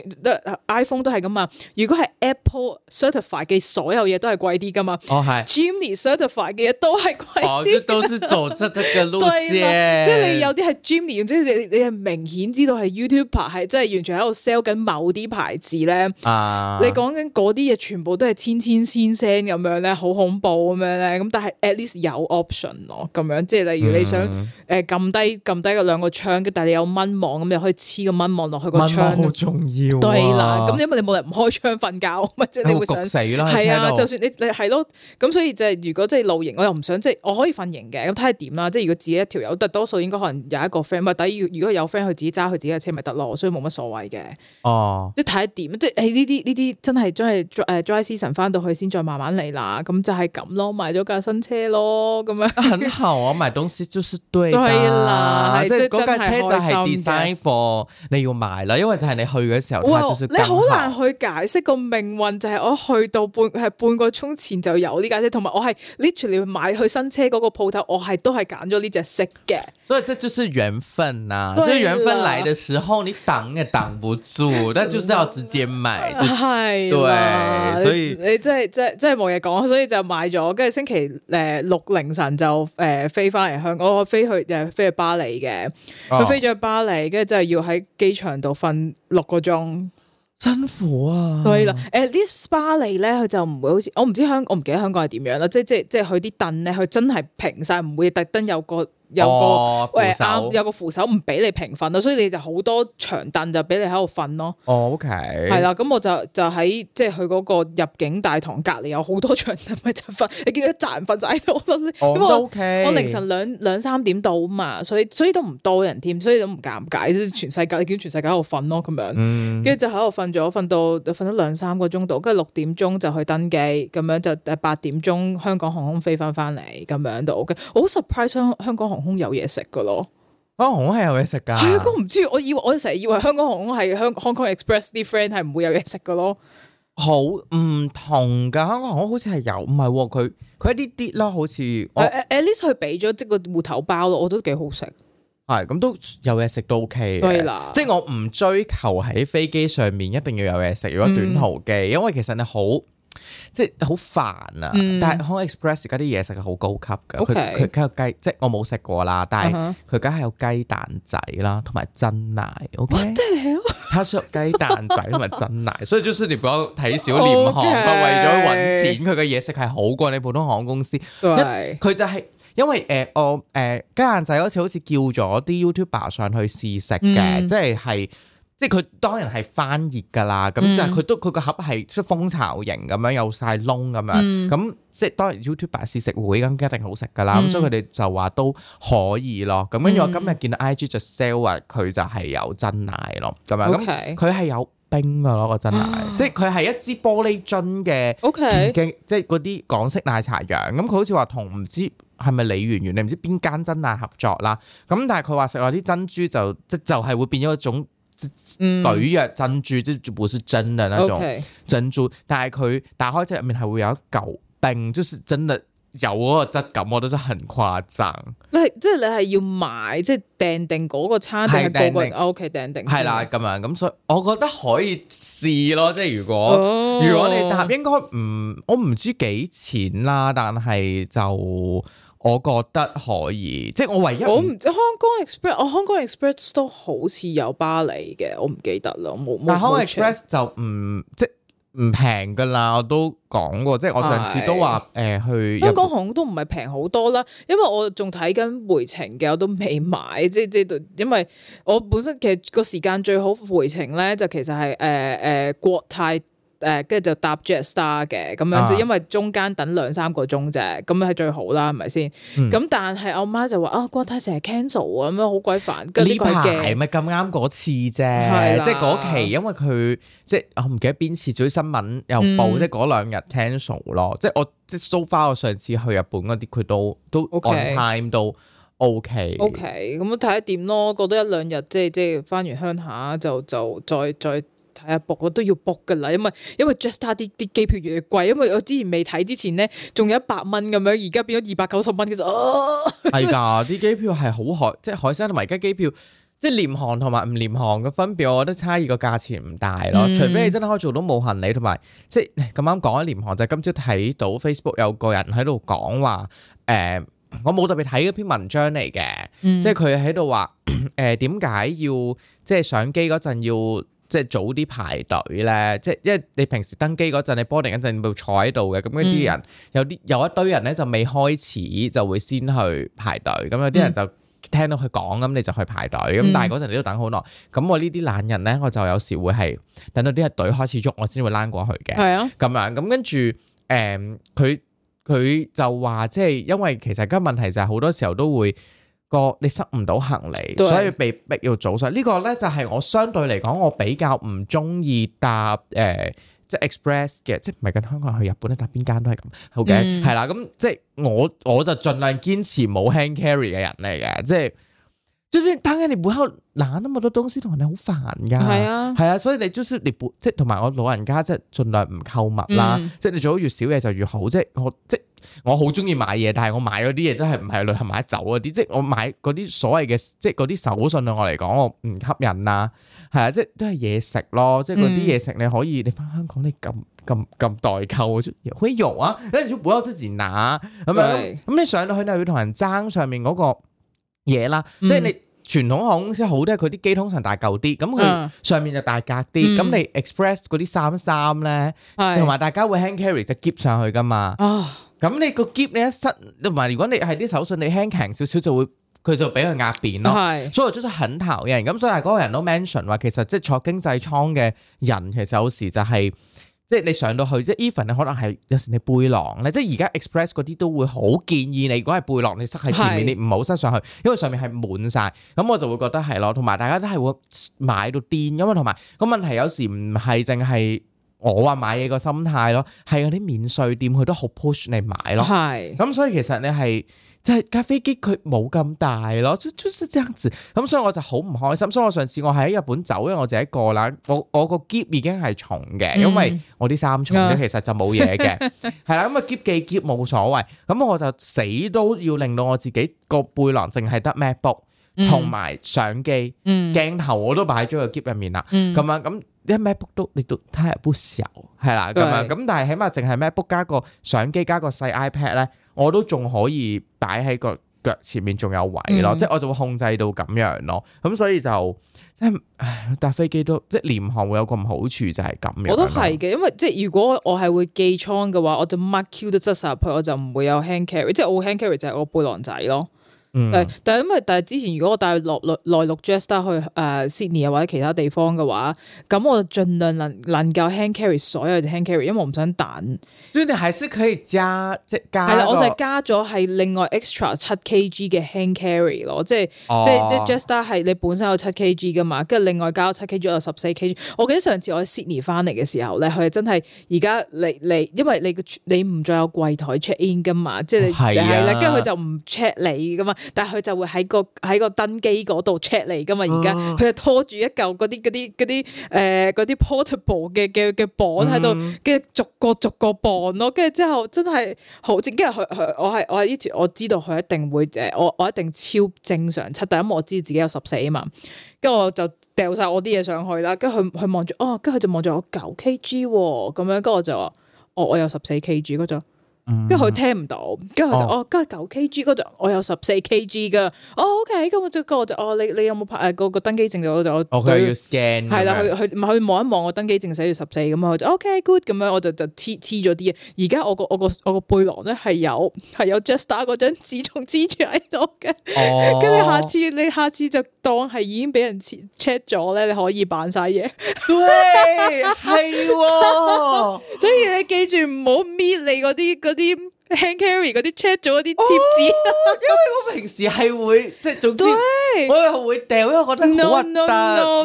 ，iPhone 都係咁啊。如果係 Apple certify 嘅所有嘢都係貴啲噶嘛？哦係、oh, hi。Jimny certify 嘅嘢都係貴啲。都係走質嘅路線。即係你有啲係 Jimny，然之後你你係明顯知道係 YouTuber 係即係、真係、完全喺度 sell 緊某啲牌子咧。Uh. 你講緊嗰啲嘢全部都係千千千聲咁樣咧，好恐怖咁樣咧。咁但係 at least 有 option 咯，咁樣即係例如你想誒撳低撳低個兩個窗嘅，但你有蚊網咁你可以黐個蚊網落去個窗。蚊網好重要啊。對啦。咁因為你冇人唔開窗瞓。即係你會想死啊，就算你你係咯，咁、啊、所以就係如果即係露營，我又唔想即係、就是、我可以瞓營嘅，咁睇下點啦。即係如果自己一條友，但多數應該可能有一個 friend，唔第等如果有 friend，佢自己揸佢自己嘅車咪得咯，所以冇乜所謂嘅。哦，即係睇下點，即係呢啲呢啲真係真係誒，dry season 翻到去先再慢慢嚟啦。咁就係咁咯，買咗架新車咯，咁樣。很好啊， 我買東西就是對。係啦，即係嗰架車就係 design 貨，你要買啦，因為就係你去嘅時候，哇，你好難去解釋命運就係我去到半係半個鐘前就有呢架車，同埋我係 literally 買去新車嗰個鋪頭，我係都係揀咗呢隻色嘅。所以這就是緣分啊！即係緣分嚟嘅時候，你擋也擋唔住， 但係就是要直接買。係，對，啦所以你，你真係真係真係冇嘢講，所以就買咗。跟住星期誒六凌晨就誒、呃、飛翻嚟香港，我飛去誒、呃、飛去巴黎嘅。佢、哦、飛咗去巴黎，跟住真係要喺機場度瞓六個鐘。辛苦啊！所以啦，誒啲 SPA 嚟咧，佢就唔會好似我唔知香，我唔記得香港係點樣啦，即係即係即係佢啲凳咧，佢真係平晒，唔會特登有個。有個啱、哦哎、有個扶手唔俾你平瞓咯，所以你就好多長凳就俾你喺度瞓咯。哦，OK，係啦，咁我就就喺即係佢嗰個入境大堂隔離有好多長凳咪就瞓。你見到一紮人瞓就喺度咯。哦、 嗯、o okay 我凌晨兩兩三點到啊嘛，所以所以都唔多人添，所以都唔尷尬。全世界你見全世界喺度瞓咯咁樣，跟住、嗯、就喺度瞓咗瞓到瞓咗兩三個鐘度，跟住六點鐘就去登機，咁樣就八點鐘香港航空飛翻翻嚟，咁樣都 OK。我好 surprise 香港航空。航空有嘢食噶咯，哦、香港航空係有嘢食噶。如果唔知，我以為我成日以為香港航空係香港 Express 啲 friend 係唔會有嘢食噶咯，好唔同噶，香港航空好似係有，唔係，佢佢一啲啲咯，好似，誒誒，s、啊啊、至少佢俾咗即個芋頭包咯，我覺得幾好食，係，咁都有嘢食都 OK 嘅，啦即係我唔追求喺飛機上面一定要有嘢食，如果短途機，嗯、因為其實你好。即係好煩啊！嗯、但係 Hong Express 而家啲嘢食係好高級嘅，佢佢佢有雞，即係我冇食過啦。但係佢梗係有雞蛋仔啦，同埋真奶。O K，佢食雞蛋仔同埋真奶， 所以就係你不要睇小廉航啊！佢 Okay. 為咗揾錢，佢嘅嘢食係好過你普通航空公司。佢 Right. 就係因為誒、呃、我誒、呃、雞蛋仔好似好似叫咗啲 YouTuber 上去試食嘅，嗯、即係係。即係佢當然係翻熱㗎啦，咁就係佢都佢個盒係出蜂巢型咁樣，有晒窿咁樣，咁、嗯、即係當，當然 YouTube 試食會咁一定好食㗎啦，咁、嗯、所以佢哋就話都可以咯。咁跟住我今日見到 IG 就 sell 話佢就係有珍奶咯，咁樣咁佢係有冰㗎咯個珍奶，啊、即係佢係一支玻璃樽嘅、啊嗯、即係嗰啲港式奶茶樣。咁佢好似話同唔知係咪李圓圓你唔知邊間珍奶合作啦？咁但係佢話食落啲珍珠就即就係、係、會變咗一種。對啊，珍珠這就不是真的那種珍珠，Okay. 但係佢打開出入面係會有一嚿冰，即、就是真的有嗰個質感，我覺得真係很誇張。你即係你係要買即係訂定嗰個餐廳定係是、那個人 O K 訂定？係、哦 okay, 啦，咁樣，咁所以我覺得可以試咯，即係如果、oh. 如果你訂應該唔，我唔知幾錢啦，但係就。我覺得可以，即係我唯一我唔知，香港 Express，我、哦、香港 Express 都好似有巴黎嘅，我唔記得啦，冇。但係香港 Express 就唔即係唔平㗎啦，我都講過，即係我上次都話誒是、呃、去。香港航空都唔係平好多啦，因為我仲睇緊回程嘅，我都未買，即係即係因為我本身其實個時間最好回程咧，就其實係誒誒國泰。誒，跟住就搭 Jetstar 嘅，咁樣就因為中間等兩三個鐘啫，咁樣係最好啦，係咪先？咁、嗯、但係我媽就話、哦這個、啊，國泰成日 cancel 啊，咁樣好鬼煩。呢排咪咁啱嗰次啫，即係嗰期因為佢即係我唔記得邊次，最新聞有報，嗯、即係嗰兩日 cancel 咯。即係我即係 so far 我上次去日本嗰啲，佢都都 on time 都 OK, okay、嗯。OK，咁睇下點咯？過多一兩日，即係即係翻完鄉下就就再再。再睇下 book 我都要 book 噶啦，因為因為 justar 啲啲機票越嚟越貴，因為我之前未睇之前咧，仲有一百蚊咁樣，而家變咗二百九十蚊，其實哦，係噶啲機票係好海，即係海鮮同埋而家機票，即係廉航同埋唔廉航嘅分別，我覺得差異個價錢唔大咯，嗯、除非你真係可以做到冇行李同埋，即係咁啱講緊廉航，就係、是、今朝睇到 Facebook 有個人喺度講話，誒、呃，我冇特別睇嗰篇文章嚟嘅、嗯呃，即係佢喺度話，誒點解要即係上機嗰陣要？即係早啲排隊咧，即係因為你平時登機嗰陣，你 boarding 嗰陣會坐喺度嘅，咁一啲人、嗯、有啲有一堆人咧就未開始就會先去排隊，咁有啲人就聽到佢講咁你就去排隊，咁但係嗰陣你都等好耐，咁我呢啲懶人咧我就有時會係等到啲人隊開始喐，我先會躝過去嘅。係啊、嗯，咁樣咁跟住誒，佢、嗯、佢就話即係因為其實個問題就係好多時候都會。個你塞唔到行李，對所以被逼要早上。呢、這個咧就係我相對嚟講，我比較唔中意搭誒、呃，即係 express 嘅，即係唔係跟香港人去日本咧搭邊間都係咁。好嘅，係啦、嗯，咁即係我我就盡量堅持冇 hand carry 嘅人嚟嘅，即係。就是，當然你不要拿那麼多東西，同人哋好煩㗎。係是啊，係啊，所以你就算你不即係同埋我老人家即係盡量唔購物啦。即係、嗯、你最好越少嘢就越好。即係我即我好中意買嘢，但係我買嗰啲嘢都係唔係旅行買得走嗰啲。即係我買嗰啲所謂嘅，即係嗰啲手信啊。對我嚟講，我唔吸引啊。係啊，即係都係嘢食咯。即係嗰啲嘢食你可以，嗯、你翻香港你咁咁咁代購，可以有啊。你就不要自己拿咁樣。咁對 你上到去，你又要同人爭上，上，上，上面嗰、嗰個嘢啦，即係你傳統航空公司好啲係佢啲機通常大舊啲，咁佢上面就大格啲，咁你 express 嗰啲衫衫咧，同埋大家會 hand carry 就喼上去㗎嘛。啊，咁你個喼你一塞，同埋如果你係啲手信，你 hand carry 少少就會佢就俾佢壓扁咯。係，所以我真係好頭痕。咁所以嗰個人都 mention 話，其實即係坐經濟艙嘅人，其實有時就係。即係你上到去，即係 even 咧，可能係有時你背囊咧，即係而家 express 嗰啲都會好建議你，如果係背囊你塞喺前面，你唔好塞上去，因為上面係滿晒。咁我就會覺得係咯。同埋大家都係會買到癲，㗎嘛。同埋個問題有時唔係淨係。我話買嘢個心態咯，係嗰啲免稅店佢都好 push 你買咯，係。咁所以其實你係，即係架飛機佢冇咁大咯，就是就是就是、這樣子。咁，所以我就好唔開心。 所以我上次我喺日本走，因為我自己個啦，我我個喼已經係重嘅，因為我啲衫重咗，其實就冇嘢嘅，係啦、嗯是。 咁啊喼嘅喼冇所謂，咁我就死都要令到我自己個背囊淨係得 MacBook 同埋相機鏡、嗯、頭，我都擺咗個喼入面啦。咁樣咁。一 macbook 都你都睇下 book 少係啦咁啊，咁對但係起碼淨係 macbook 加個相機加個細 iPad 咧，我都仲可以擺喺個腳前面，仲有位咯。嗯、即係我就會控制到咁樣咯。咁、嗯、所以就即係搭飛機都即係廉航會有個唔好處就係咁樣。我都係嘅，因為即係如果我係會寄倉嘅話，我就 mark Q 都塞晒入去，我就唔會有 hand carry，即係我 hand carry 就係我背囊仔咯。嗯、但係，因為但係之前如果我帶落內內陸 Jetstar 去誒 Sydney 或者其他地方嘅話，咁我就盡量能能夠 hand carry 所有 hand carry，因為我唔想等。所以你還是可以加即係加。係啦，我就加咗係另外 extra 七 kg 嘅 hand carry 咯，即係即係即係 Jetstar 係你本身有七 kg 噶嘛，跟住另外加七 kg 有十四 kg。我記得上次我喺 Sydney 翻嚟嘅時候咧，佢真係而家你你因為你你唔再有櫃台 check in 噶嘛，即係係啦，跟住佢就唔 check 你噶嘛？但係佢就會喺個喺個登機嗰度 check 你㗎嘛？而家佢就拖住一嚿嗰啲嗰啲嗰啲誒嗰啲 portable 嘅嘅嘅磅喺度，跟住、嗯、逐個逐個，逐個磅咯。跟住之後真係好正，跟住佢佢我係我係呢次我知道佢一定會誒我我一定超正常七。但因為我知道自己有十四啊嘛，跟住我就掉晒我啲嘢上去啦。跟住佢佢望住哦，跟住佢就望住我九 kg 咁樣。跟住我就話哦，我有十四 kg 嗰種。跟住佢聽唔到，跟住、哦我，哦 okay，我就哦，跟住九 K G，嗰度我有十四 K G 噶，哦 OK，咁 you 我，我就，咁、okay，我就哦，你你有冇拍誒個個登機證就我就佢 scan，係啦，佢去唔去望一望我登機證寫住十四咁啊，就 OK good 咁樣，我就就黐黐咗啲嘢。而家我個我個我個背囊咧係有係有 Just Star 嗰張紙黐住喺度嘅，跟住、哦、下次你下次就。當係已經俾人 check 咗咧，你可以扮晒嘢，係，所以你記住唔好搣你嗰啲嗰啲 hand carry 嗰啲 check 咗嗰啲貼紙，因為我平時係會即係總之對我又會掉，因為我覺得好核突。No no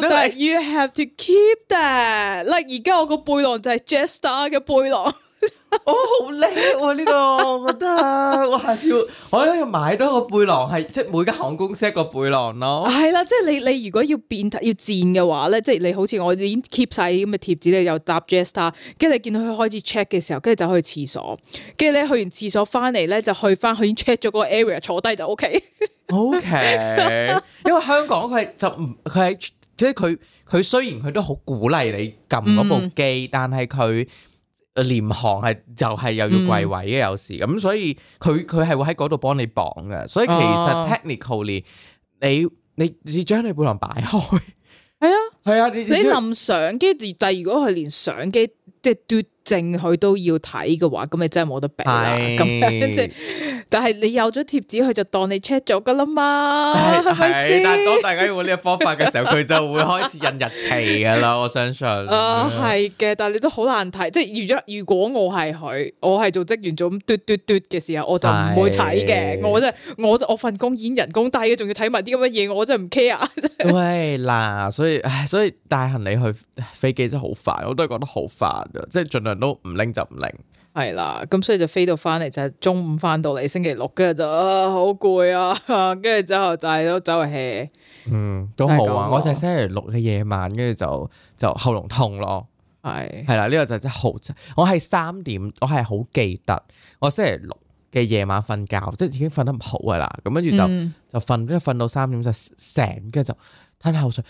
no that you have to keep that，like 而家我個背囊就係 Jester 嘅背囊。我好叻喎！呢個我覺得我下次我要買多個背囊，係即係每間航空公司一個背囊咯。係啦，即係你你如果要變要戰嘅話咧，即係你好似我已經 keep 晒咁嘅貼紙咧，又搭 Jetstar，跟住你見到佢開始 check 嘅時候，跟住就去廁所，跟住咧去完廁所翻嚟咧就去翻，佢已經 check 咗個 area，坐低就 OK。 OK，因為香港佢係就唔佢喺即係佢佢雖然佢都好鼓勵你撳嗰部機，嗯、但係佢。廉航係就係又要櫃位嘅、嗯、有時咁，所以佢佢係會喺嗰度幫你綁嘅。所以其實 technically、啊、你你你將你背囊擺開，係是啊係啊，你拎相機，但係如果佢連相機即係嘟。叮叮叮正佢都要睇嘅話，咁你真係冇得比啦。咁是，但係你有咗貼紙，佢就當你 check 咗噶啦嘛。係咪先？是是但係當大家用呢個方法嘅時候，佢 就會開始印日期噶啦。我相信。啊、呃，係嘅，但係你都好難睇。即係如果如果我係佢，我係做職員做咁，嘟嘟嘟嘅時候，我就唔會睇嘅是。我真係我我份工演人工，但係仲要睇埋啲咁嘅嘢，我真係唔 care。喂，嗱，所以，唉，所以帶行李去飛機真係好煩，我都係覺得好煩啊，即、就、係、是、盡量。都唔拎就唔拎，係啦，咁所以就飛到翻嚟就係、是、中午翻到嚟星期六，跟住就啊好攰啊，跟住之後就係都走去 hea，嗯都好啊，我就係星期六嘅夜晚，跟住就就喉嚨痛咯，係係啦，呢、這個就真係好，我係三點，我係好記得我星期六嘅夜晚瞓覺，即係已經瞓得唔好噶啦，咁跟住就、嗯、就瞓，跟住瞓到三點就醒。跟住就吞口水。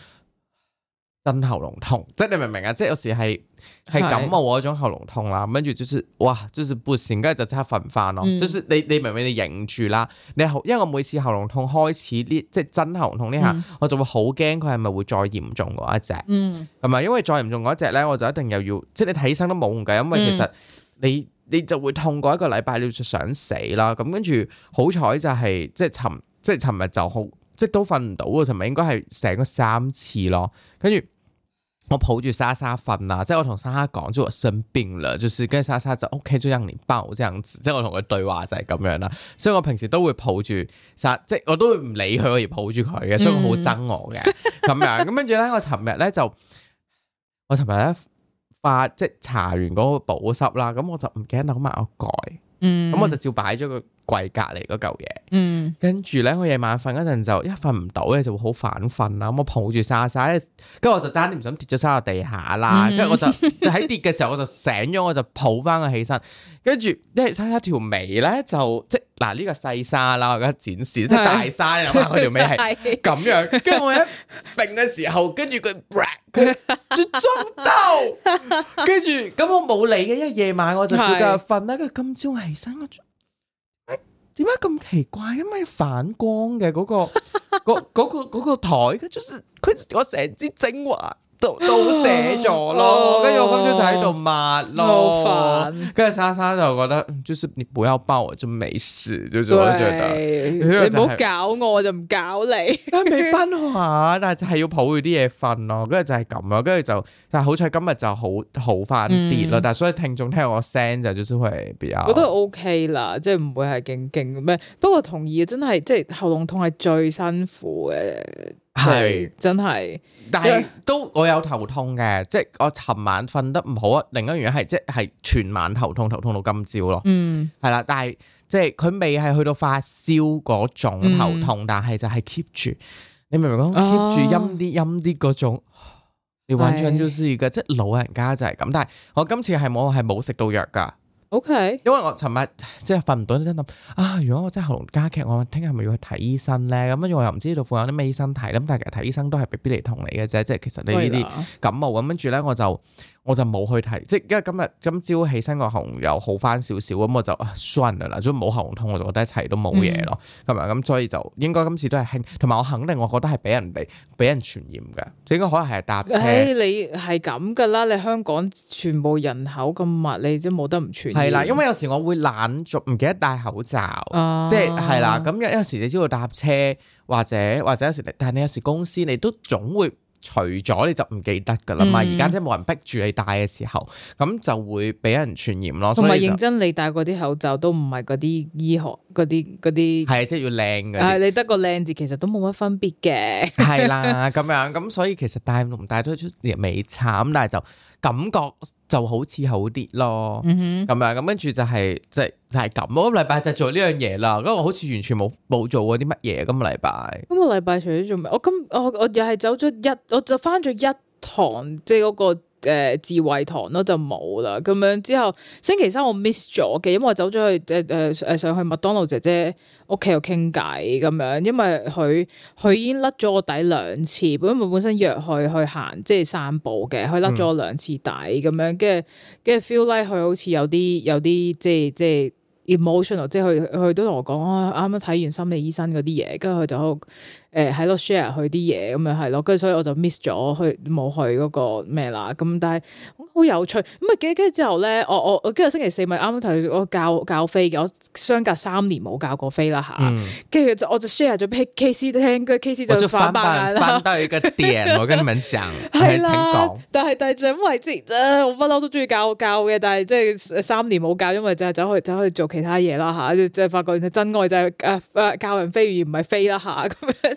真喉嚨痛，即係你明唔明啊？即係有時係係感冒嗰種喉嚨痛啦，跟住是就是哇，就是撥線，跟住就即刻瞓翻咯。嗯、就是你你明唔明？你忍住啦，你因為我每次喉嚨痛開始呢，即係真喉嚨痛呢下，嗯、我就會好驚佢係咪會再嚴重嗰一隻。係咪、嗯？因為再嚴重嗰一隻咧，我就一定又要即係你睇醫生都冇用㗎，因為其實你你就會痛過一個禮拜，你就想死啦。咁跟住好彩就係即係尋即係尋日就好，即係都瞓唔到啊！尋日應該係醒咗三次咯，跟住。我抱住莎莎瞓啦，即係我同莎莎講咗我生病啦，就是跟住莎莎就 O K，就一年包，我這樣子，即係我同佢對話就係咁樣啦。所以我平時都會抱住莎，即係我都會唔理佢，我而抱住佢嘅，所以佢好憎我嘅咁、mm hmm. 樣。咁跟住咧，我尋日咧就我尋日咧發，即係搽完嗰個保濕啦，咁我就唔記得扭埋個蓋，咁、mm hmm. 我就照擺咗佢。櫃隔籬嗰嚿嘢，跟住咧，我夜晚瞓嗰陣就一瞓唔到咧，就會好反瞓啦。咁我抱住沙沙，跟住我就差啲唔想跌咗沙下地下啦。嗯、跟住我就喺跌嘅時候，我就醒咗，我就抱翻佢起身。跟住一係沙沙條尾咧就即嗱呢個細沙啦，這個、沙我而家展示即係大沙啊嘛。佢條尾係咁樣，是的 跟住我一揈嘅時候，跟住佢，佢就中兜。跟住咁我冇理嘅，因為夜晚我就照繼續瞓啦。跟住的今朝起身點解咁奇怪？因為反光嘅嗰、 嗰個，嗰嗰嗰個台，佢就是佢我成支精華。都寫咗咯，跟住噢我今朝就喺度抹咯，跟住莎莎就覺得，對嗯、就是你不要抱我就沒事，就咁樣覺得，你唔好搞我，我就唔搞你。啊， 未分化，但係就係要抱佢啲嘢瞓咯，跟住就係咁樣，跟住就，但係好彩今日就好好翻啲咯。嗯、但係所以聽眾聽我聲就少少係比較，我覺得 OK 啦，即係唔會係勁勁咩。不過同意，真係即係喉嚨痛係最辛苦嘅，係、就是、是真係。但係都我有頭痛嘅，即係我尋晚瞓得唔好啊。另一樣嘢係即係全晚頭痛，頭痛到今朝咯。嗯，係啦。但係即係佢未係去到發燒嗰種頭痛，嗯、但係就係 keep 住，你明唔明講 keep 住陰啲、哦、陰啲嗰種。你完全就是一的個即係老人家就係咁。但係我今次係冇，係冇食到藥㗎。OK，因為我尋日即係瞓唔到，都喺度諗啊。如果我真係喉嚨加劇，我聽日係咪要去睇醫生咧？咁跟住我又唔知道附近有啲咩醫生睇。咁但係其實睇醫生都係鼻鼻嚟痛嚟嘅啫，即係其實你呢啲感冒。咁跟住咧，我就。我就冇去睇，即係因為今日今朝起身個喉又好翻少少，咁我就算啦，所以冇喉痛我就覺得一切都冇嘢咯，係咪？咁、嗯、所以就應該今次都係輕，同埋我肯定我覺得係俾人哋俾人傳染嘅，即係應該可能係搭車。欸、你係咁㗎啦，你香港全部人口咁密，你都冇得唔傳染。係、啊、啦，因為有時我會懶做，唔記得戴口罩，啊、即係係啦。咁有有時你知道搭車或者或者有時，但係你有時公司你都總會。除咗你就唔記得㗎啦嘛，而家即係冇人逼住你戴嘅時候，咁就會俾人傳染咯。同埋認真，你戴嗰啲口罩都唔係嗰啲醫學嗰啲嗰啲。係啊，即係要靚嘅。係你得個靚字，其實都冇乜分別嘅。係 啦，咁樣咁，所以其實戴唔戴都亦未慘，但係就。感覺就好似好啲咯，嗯哼、咁樣咁跟住就係即係咁。今個禮拜就係就做呢樣嘢啦，咁我好似完全冇冇做過啲乜嘢今個禮拜。今個禮拜除咗做咩？我今我我又係走咗一，我就翻咗一堂，即係嗰個。誒、呃、智慧堂咯就冇啦，咁樣之後星期三我 miss 咗嘅，因為我走咗去誒誒誒上去麥當勞姐姐屋企度傾偈咁樣，因為佢佢已經甩咗我底兩次，因為本身約佢去行即係散步嘅，佢甩咗我兩次底咁樣，感覺感跟住跟住 feel like 佢好似有啲有啲即係即係 emotional，即係佢佢都同我講啱啱睇完心理醫生嗰啲嘢，跟住佢就喺度。誒喺度，share 佢啲嘢咁樣係咯，跟住所以我就 miss 咗去冇去嗰個咩啦，咁但係好有趣，咁啊跟住之後咧，我我我今日星期四咪啱啱同我教教飛嘅，我相隔三年冇教過飛啦嚇，跟住我就 share 咗俾 KC 聽，跟住 KC 就翻班啦。翻，翻到一個點，我跟你們講，係請講。但係但係就因為自誒我不嬲都中意教教嘅，但係即係三年冇教，因為就係走去走去做其他嘢啦嚇，即就發覺真愛就係、是、教人飛而唔係飛啦嚇咁樣。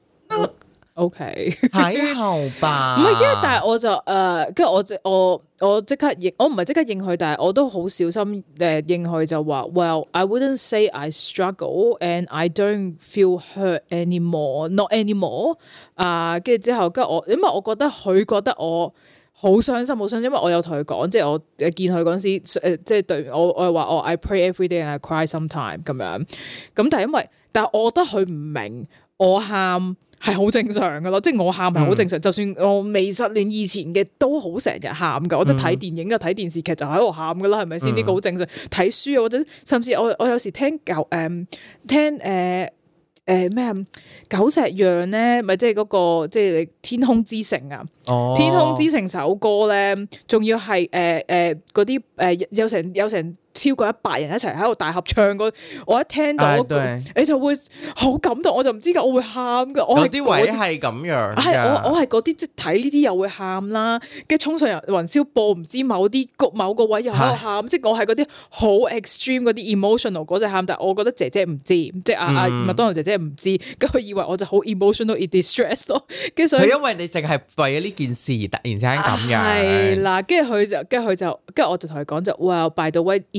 OK，喺後吧。唔係，因為但係我就誒，跟、uh, 住我我我即刻應，我唔係即刻應佢，但係我都好小心誒應佢，就話 Well, I wouldn't say I struggle and I don't feel hurt anymore, not anymore。啊，跟住之後，跟住我，因為我覺得佢覺得我好傷心，好傷心，因為我有同佢講，即、就、係、是、我見佢嗰陣時即係、就是、對面我，我話我、oh, I pray every day and I cry sometime 咁樣。咁但係因為，但係我覺得佢唔明我喊。係好正常噶咯，即係我喊唔係好正常，嗯、就算我未失戀以前嘅都好成日喊噶，我即係睇電影啊、睇、嗯、電視劇就喺度喊噶啦，係咪先？呢個好正常。睇書啊，或者甚至我我有時聽久誒聽誒誒咩啊《久石讓》咧，咪即係嗰個即係《天空之城》啊，《天空之城》首歌咧，仲要係誒誒嗰啲誒有成、呃呃呃、有成。有成超過一百人一齊喺度大合唱嗰，我一聽到，你就會好感動，我就唔知㗎，我會喊㗎。有啲位係咁樣，係我我係嗰啲即係睇呢啲又會喊啦，跟住衝上雲霄播唔知某啲局某個位又喺度喊，即係我係嗰啲好 extreme 嗰啲 emotional 嗰陣喊，但係我覺得姐姐唔知，即係阿阿麥當勞姐姐唔知，咁佢以為我就好 emotional，in distress 咯。跟所佢因為你淨係為咗呢件事突然之間咁樣，係啦，跟住佢就跟住佢就跟住我就同佢講就，哇！拜到威。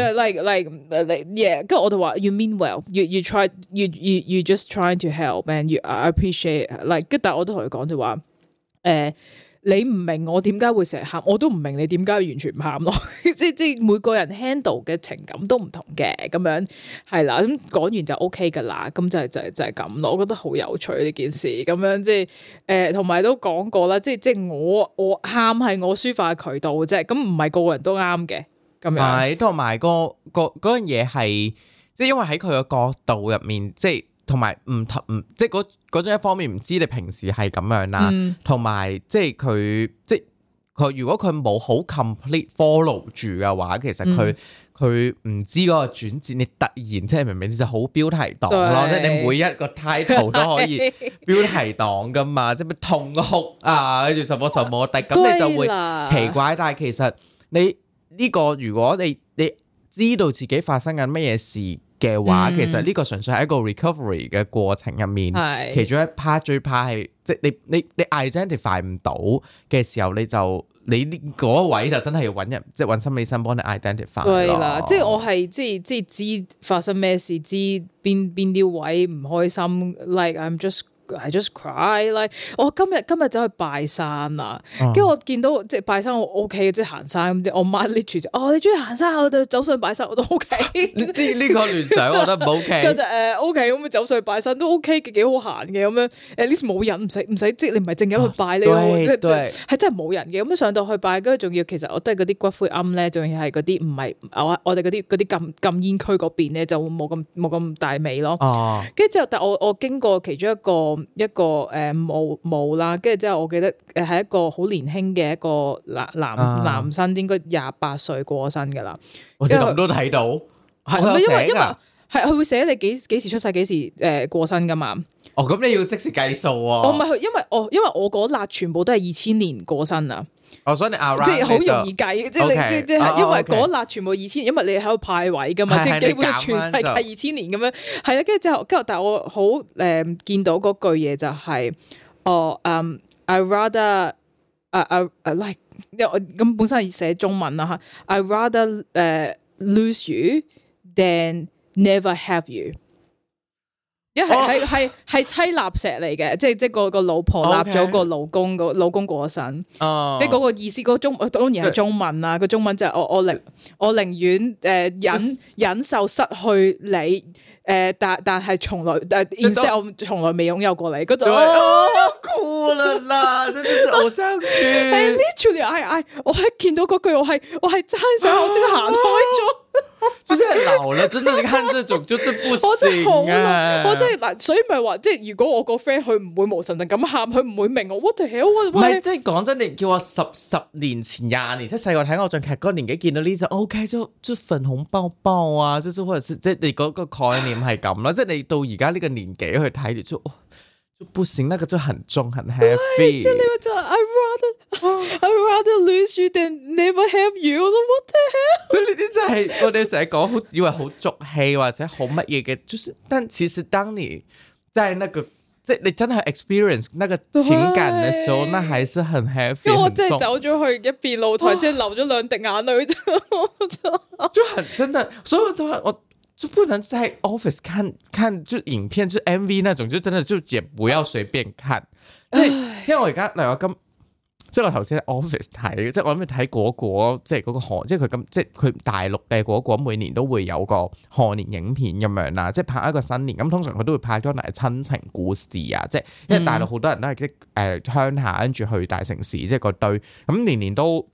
Yeah，like，like，yeah，咁我都話，你 mean well，you try，you just try to help and you appreciate，like，但係我都同佢講就話，誒，你唔明我點解會成日喊，我都唔明你點解完全唔喊咯，即即每個人 handle 嘅情感都唔同嘅，咁樣係啦，咁講完就 OK 噶啦，咁就係、就就係咁咯，我覺得好有趣呢件事，咁樣即誒、呃，同埋都講過啦，即即我我喊係我抒發嘅渠道即係，咁唔係個個人都啱嘅。咁同埋嗰個樣嘢係，即係因為喺佢嘅角度入面，即係同埋唔同唔，即係嗰種一方面唔知你平時係咁樣啦，同埋、嗯、即係佢即係佢如果佢冇好 complete follow 住嘅話，其實佢佢唔知嗰個轉折，你突然即係明明你就好標題黨咯，對即係你每一個 title 都可以標題黨噶嘛，即係咩痛哭啊，跟住什,什麼什麼的咁你就會奇怪，但係其實你。呢個如果你你知道自己發生緊乜嘢事嘅話，嗯、其實呢個純粹係一個 recovery 嘅過程入面，是其中一 part 最怕係即係你你你 identify 唔到嘅時候，你就你呢嗰位就真係要揾人， 即係揾心理生幫你 identify 對了。對啦了，即係我係即係即係知發生咩事，知邊邊啲位唔開心，like I'm just。I just cry，like 我今日今日走去拜山啊，跟住、嗯、我見到即係拜山我 OK 嘅，即係行山咁。我媽即刻就哦，你中意行山啊？我就走上去拜山我都 OK。呢個聯想我覺得唔 OK。咁 就、呃、OK 咁，咪走上去拜山都 OK 嘅，幾好行嘅咁樣。至少冇人唔使唔使即你唔係淨咁去拜呢咧，係真係冇人嘅咁樣上到去拜，跟住仲要其實我都係嗰啲骨灰庵咧，仲要係嗰啲唔係我哋嗰啲啲禁禁煙區嗰邊咧，就冇咁冇咁大味咯。跟住之後，但我我經過其中一個。一個誒冇冇啦，跟住之後我記得係一個好年輕嘅一個男男、啊、男生，應該廿八歲過身噶啦。我哋咁都睇到，係咪因為、啊、因為係佢會寫你幾幾時出世，幾時誒、呃、過身噶嘛？哦，咁你要即時計數？啊我唔係，因為我因為我嗰辣全部都係二千年過身啊。我所以你即係好容易計，Okay. 即係即係因為嗰一全部二千，Okay. 因為你喺度派位噶嘛，Okay. 即係基本上全世界二千年咁樣。係 Yes, 啊，跟住之後，跟住但係我好誒、uh, 見到嗰句嘢就係、是，哦、oh, um, uh, like，嗯，I rather 啊啊啊 like，因為我咁本身要寫中文啦吓，I rather 誒、uh, lose you than never have you。係係係妻納石嚟嘅，即係即係個個老婆立咗個老公，個老公過身。Okay. 即係嗰個意思，個中當然係中文啦。個中文，中文，對中文就係我我寧我寧願誒忍忍受失去你，誒、呃、但但係從來誒，而且我從來未擁有，有過你嗰種。我哭了啦，真係是偶像劇。係 literally，我係見到嗰句，我係我係爭啲即刻行開咗。啊即係老了，真係，你看這種就是不行啊！我真係嗱，所以咪話，即係如果我個 friend 佢唔會無神定咁喊，佢唔會明我 what the hell，what the hell 即係講真，你叫我十十年前、廿年即係細個睇偶像劇嗰個年紀見到呢隻 OK，即即粉紅包包啊，即即可能即係你嗰個概念係咁啦，即係你到而家呢個年紀去睇就哦，就不行啦，佢真係很重很 heavy。Oh, I rather lose you than never have you. I thought。我諗 what the hell？所以呢啲真係我哋成日講好，以為好俗氣或者好乜嘢嘅，就是但其實當你在那個，即、就是、你真係 experience 那個情感嘅時候，哎、那還是很 happy。因為我真係走咗去一邊露台，真係、oh, 流咗兩滴眼淚。就 就很真的，所以都話我就不能在 office 看看就影片就 MV 那種，就真的就也不要隨便看。哎、因為我而家劉哥。即係我頭先喺 office 睇，即係我諗住睇果果，即係嗰個韓，即係佢咁，即係佢大陸嘅果果，每年都會有個賀年影片咁樣啦，即係拍一個新年。咁通常佢都會拍咗啲親情故事啊，即係因為大陸好多人都係即係誒鄉下，跟住去大城市，即係個堆。咁年年都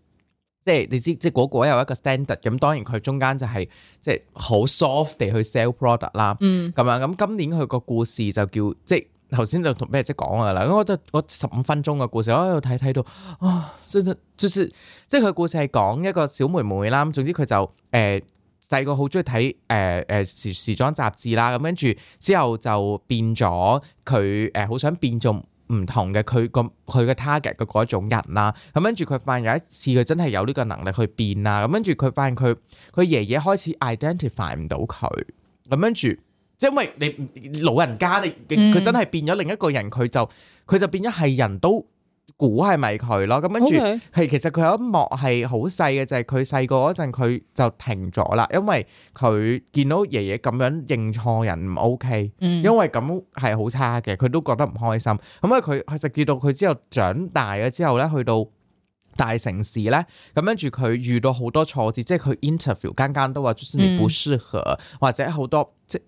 即係你知，即係果果有一個 standard。咁當然佢中間就係、是、即係好 soft 地去 sell product 啦。咁啊、嗯，咁今年佢個故事就叫即頭先就同咩即係講噶啦，咁我就我十五分鐘嘅故事，我喺度睇睇到啊，即係就是即係佢故事係講一個小妹妹啦，咁總之佢就誒細個好中意睇誒誒時、呃、時，時裝雜誌啦，咁跟住之後就變咗佢誒好想變做唔同嘅佢個佢嘅 target 嘅嗰一種人啦，咁跟住佢發現有一次佢真係有呢個能力去變啦，咁跟住佢發現佢佢爺爺開始 identify 唔到佢，咁跟住。即係因為你老人家，你佢真係變咗另一個人，佢就佢就變咗係人都估係咪佢咯？咁跟住係其實佢有一幕係好細嘅，就係佢細個嗰陣佢就停咗啦，因為佢見到爺爺咁樣認錯人唔 OK，因為咁係好差嘅，佢都覺得唔開心。咁啊，佢佢就見到佢之後長大咗之後咧，去到大城市咧，咁跟住佢遇到好多挫折，即係佢 interview 間間都話你唔適合，嗯、或者好多即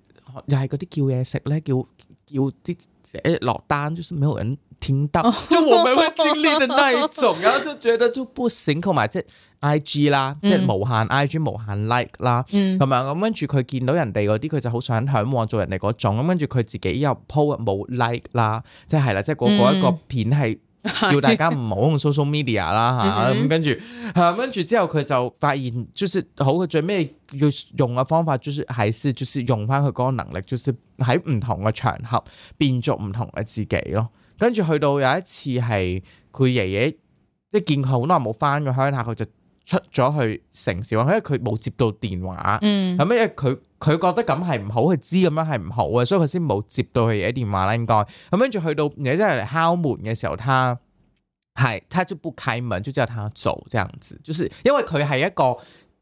又係嗰啲叫嘢食咧，叫叫啲誒落單，就是沒有人聽到， 就我們會經歷的那一種，然後就覺得就 p o 同埋，即係 I G 啦，即係無限 I G 無限 like 啦，同埋咁跟住佢見到人哋啲，佢就好想向往做人哋種，咁跟住佢自己又 po 冇 like 啦，就是，即係啦，即、就、係、是、一個片係叫大家唔好用 social media 啦吓，咁跟住吓，跟住、嗯、之後佢就發現，就是好嘅最屘。要用嘅方法，就是係就是用翻佢嗰個能力，就是喺唔同嘅場合變做唔同嘅自己咯。跟住去到有一次係佢爺爺即係見佢好耐冇翻過鄉下，佢就出咗去城市。因為佢冇接到電話，咁、嗯、因為佢佢覺得咁係唔好，佢知咁樣係唔好嘅，所以佢先冇接到佢爺爺電話啦。應該咁跟住去到爺爺嚟敲門嘅時候，他係他就唔開門，之、就、叫、是、他走。這樣子，就是因為佢係一個。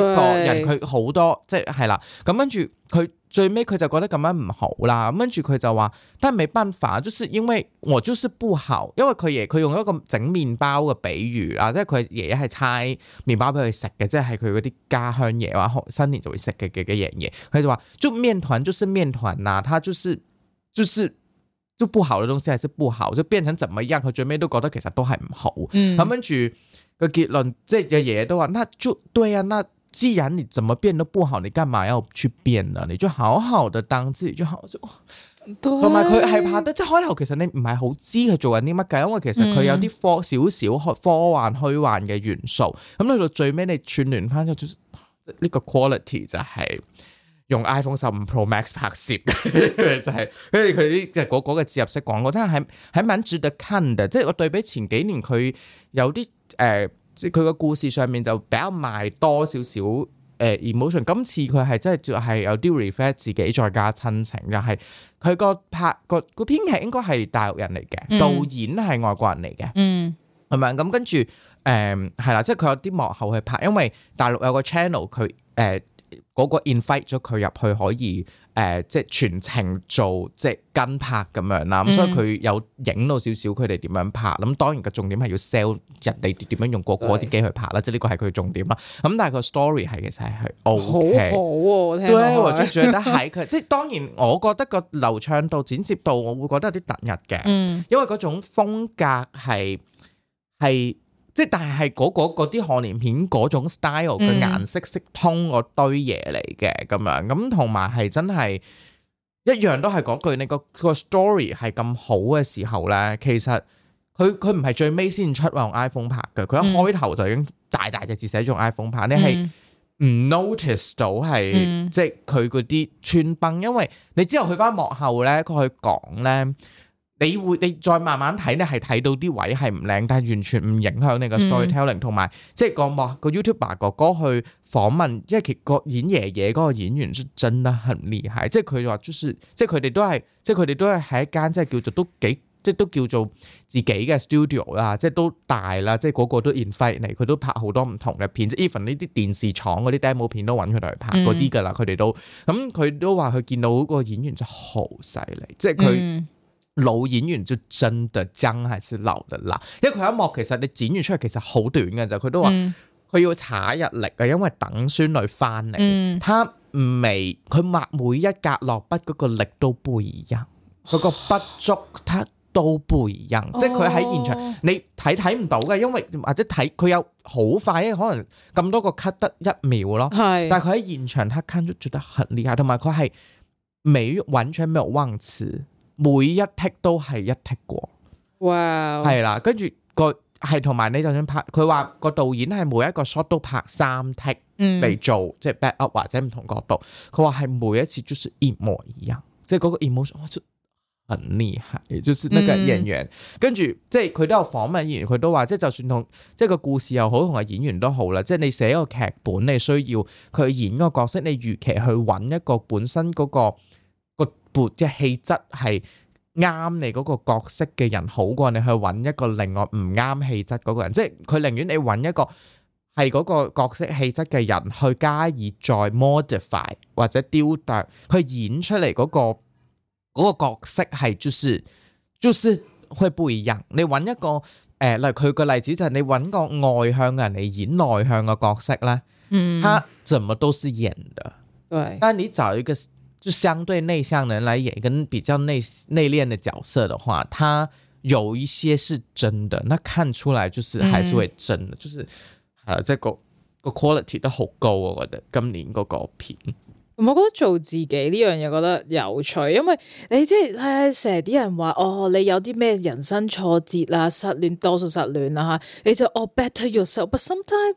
對一個人佢好多即係係啦，咁跟住佢最尾，佢就覺得咁樣唔好啦，咁跟住佢就話，但係冇辦法，就是因為我就是不好，因為佢爺佢用一個整麵包嘅比喻啦，即係佢爺爺係猜麵包俾佢食嘅，即係佢嗰啲家鄉嘢話，新年就會食嘅嘅嘅樣嘢。佢就話就麵團就是麵團啦，它就是就是就不好的東西還是不好，就變成怎麼樣，佢最尾都覺得其實都係唔好，咁跟住個結論即係嘅爺爺都話，那就對啊，那。既然你怎麼變都不好，你幹嘛要去變啊，你就好好的當自己就好，好，同埋佢係拍得，即係開頭其實你唔係好知佢做緊啲乜嘅，因為其實佢有啲科少少科幻虛幻嘅元素。咁去、嗯、到最尾，你串聯翻呢、就是、個 quality 就係用 iPhone 十五 Pro Max 拍攝， 就係跟住佢啲即係嗰個嘅植入式廣告，真係係係蠻值得睇嘅。即係我對比前幾年佢有啲誒。呃即係佢個故事上面就比較賣多，多少少誒、呃、emotion。今次佢係真係係有啲 reflect 自己，再加親情。就係佢個拍個個編劇應該係大陸人嚟嘅，嗯、導演係外國人嚟嘅，係咪、嗯？咁跟住誒係啦，即係佢有啲幕後去拍，因為大陸有個 channel，佢誒嗰、呃嗰個 invite 咗佢入去可以。誒、呃，即係全程做即係跟拍咁樣啦，咁、嗯、所以佢有影到少少佢哋點樣拍，咁當然個重點係要 sell 人哋點樣用嗰嗰啲機去拍啦，對即係呢個係佢重點啦。咁但係個 story 係其實係 O K。好好喎、啊，我聽。都係喺佢，即係當然我覺得個流暢度、剪接度，我會覺得有啲突兀嘅。嗯，因為嗰種風格係係。即係，但係係嗰個嗰啲賀年片嗰種 style，佢顏色、嗯、色通嗰堆嘢嚟嘅咁樣，咁同埋係真係一樣都係講句，你個個 story 係咁好嘅時候咧，其實佢佢唔係最尾先出話用 iPhone 拍嘅，佢一開頭就已經大大隻字寫咗用 iPhone 拍，嗯、你係唔 notice 到係、嗯、即係佢嗰啲穿崩，因為你之後去翻幕後咧，佢去講咧。你會你再慢慢睇咧，係睇到啲位係唔靚，但係完全唔影響你個 storytelling 同埋，即係個個 YouTuber 哥哥去訪問，因為其個演爺爺嗰個演員真得很厲害，即係佢話即係佢哋都係，即係佢哋都係喺一間，即係叫做都幾，即係都叫做自己嘅 studio 啦，即係都大啦，即係個個都 invite 嚟，佢都拍好多唔同嘅片，即 even 呢啲電視廠嗰啲 demo 片都搵佢嚟拍嗰啲噶啦，佢哋、嗯、都咁，佢都話佢見到嗰個演員就好犀利，即係佢。嗯老演員就真係真係是老得啦，因為佢一幕其實你剪完出嚟其實好短嘅就，佢都話佢要查日曆嘅，因為等孫女翻嚟、嗯，他未，佢抹每一格落筆嗰個力都不一樣，佢 個筆觸，他都不一樣，即係佢喺現場你睇睇唔到嘅，因為或者睇佢有好快，因為可能咁多個 cut 得一秒咯，係是，但係佢喺現場，他看就覺得很厲害，同埋佢係未完全沒有忘詞。每一剔都係一剔過哇！係啦 Wow，跟住個係同埋你就算拍佢話個導演係每一個 shot 都拍三剔嚟做，嗯、即係 back up 或者唔同角度。佢話係每一次 just 一模一樣，即係嗰個 emotion，好似很厲害，就是呢個演員。嗯、跟住即係佢都有訪問演員，佢都話即係就算同即係個故事又好，同埋演員都好啦。即係你寫一個劇本，你需要佢演個角色，你預期去揾一個本身嗰個。播即係氣質係啱你嗰個角色嘅人，好過你去揾一個另外唔啱氣質嗰個人，即係佢寧願你揾一個係嗰個角色氣質嘅人去加以再 modify 或者雕琢，佢演出嚟嗰個嗰個角色係就是就是去背人。你揾一個誒，例如佢個例子就係你揾個外向嘅人嚟演內向嘅角色咧，嗯，他怎麼都是演的，對，但你找一個。就相對內向人來演一個比較內內斂的角色的話，他有一些是真的，那看出來就是還是會真的，嗯、就是啊，即、呃、係、這個、個 quality 都好高啊！我覺得今年嗰個片，我覺得做自己呢樣嘢，覺得有趣，因為你即係咧成日啲人話哦，你有啲咩人生挫折啊，失戀多數失戀啦吓，你就哦 better yourself but sometimes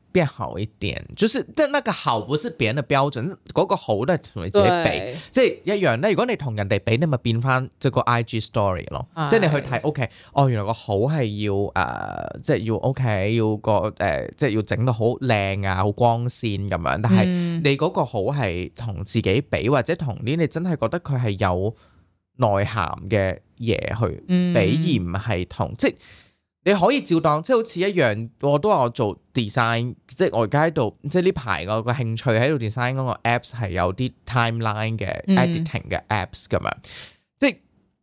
變好一點，就是即係那個好，不是別人的標準，嗰、那個好都係同你自己比，對即係一樣咧。如果你同人哋比，你咪變翻即個 IG story 咯，是即係你去睇，OK，哦，原來個好係要誒、呃，即係要 OK，要個誒、呃，即係要整到好靚啊，好光鮮咁樣。但係你嗰個好係同自己比，或者同啲你真係覺得佢係有內涵嘅嘢去比，嗯、而唔係同即你可以照當，即係好似一樣，我都話我做 design，即係我而家喺度，即係呢排我個興趣喺度 design 嗰個 apps 係有啲 timeline 嘅、嗯、editing 嘅 apps 咁樣，即係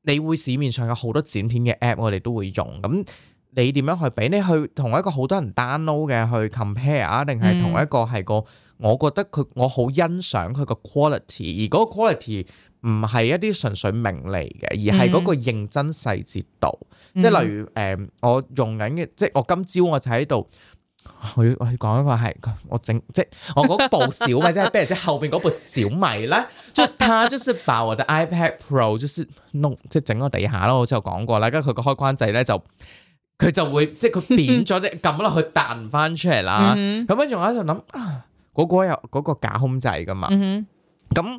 你會市面上有好多剪片嘅 app，我哋都會用，咁你點樣去比？你去同一個好多人 download 嘅去 compare 啊，定係同一個係個我覺得佢我好欣賞佢個 quality，而嗰個 quality。唔係一啲純粹名利嘅，而係嗰個認真細節度。即係、mm hmm. 例如誒、呃，我用緊嘅，即係我今朝我就喺度，我我要講一個係我整，即係我嗰部小米 即係，比如即係後邊嗰部小米咧，就他就是把我的 iPad Pro 就是 no, 即弄即係整個地下咯，我之前講過啦，跟住佢個開關掣咧就佢就會即係佢扁咗即係撳落去彈翻出嚟啦。咁跟住我喺度諗啊，嗰、那個有嗰、那個架空掣噶嘛，咁、mm。Hmm.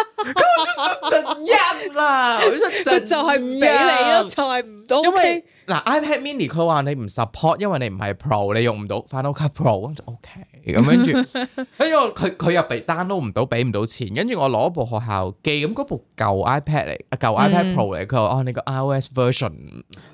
咁我就就唔啦，佢就就係唔俾你咯，就係唔到。因為嗱 iPad Mini 佢話你唔 support，因為你唔係 Pro，你用唔到 Final Cut Pro 就 OK。咁跟住，跟住我佢佢又被 download 唔到，俾唔到錢。跟住我攞部學校機，咁嗰部舊 iPad 嚟，舊 iPad Pro 嚟，佢話哦你個 iOS version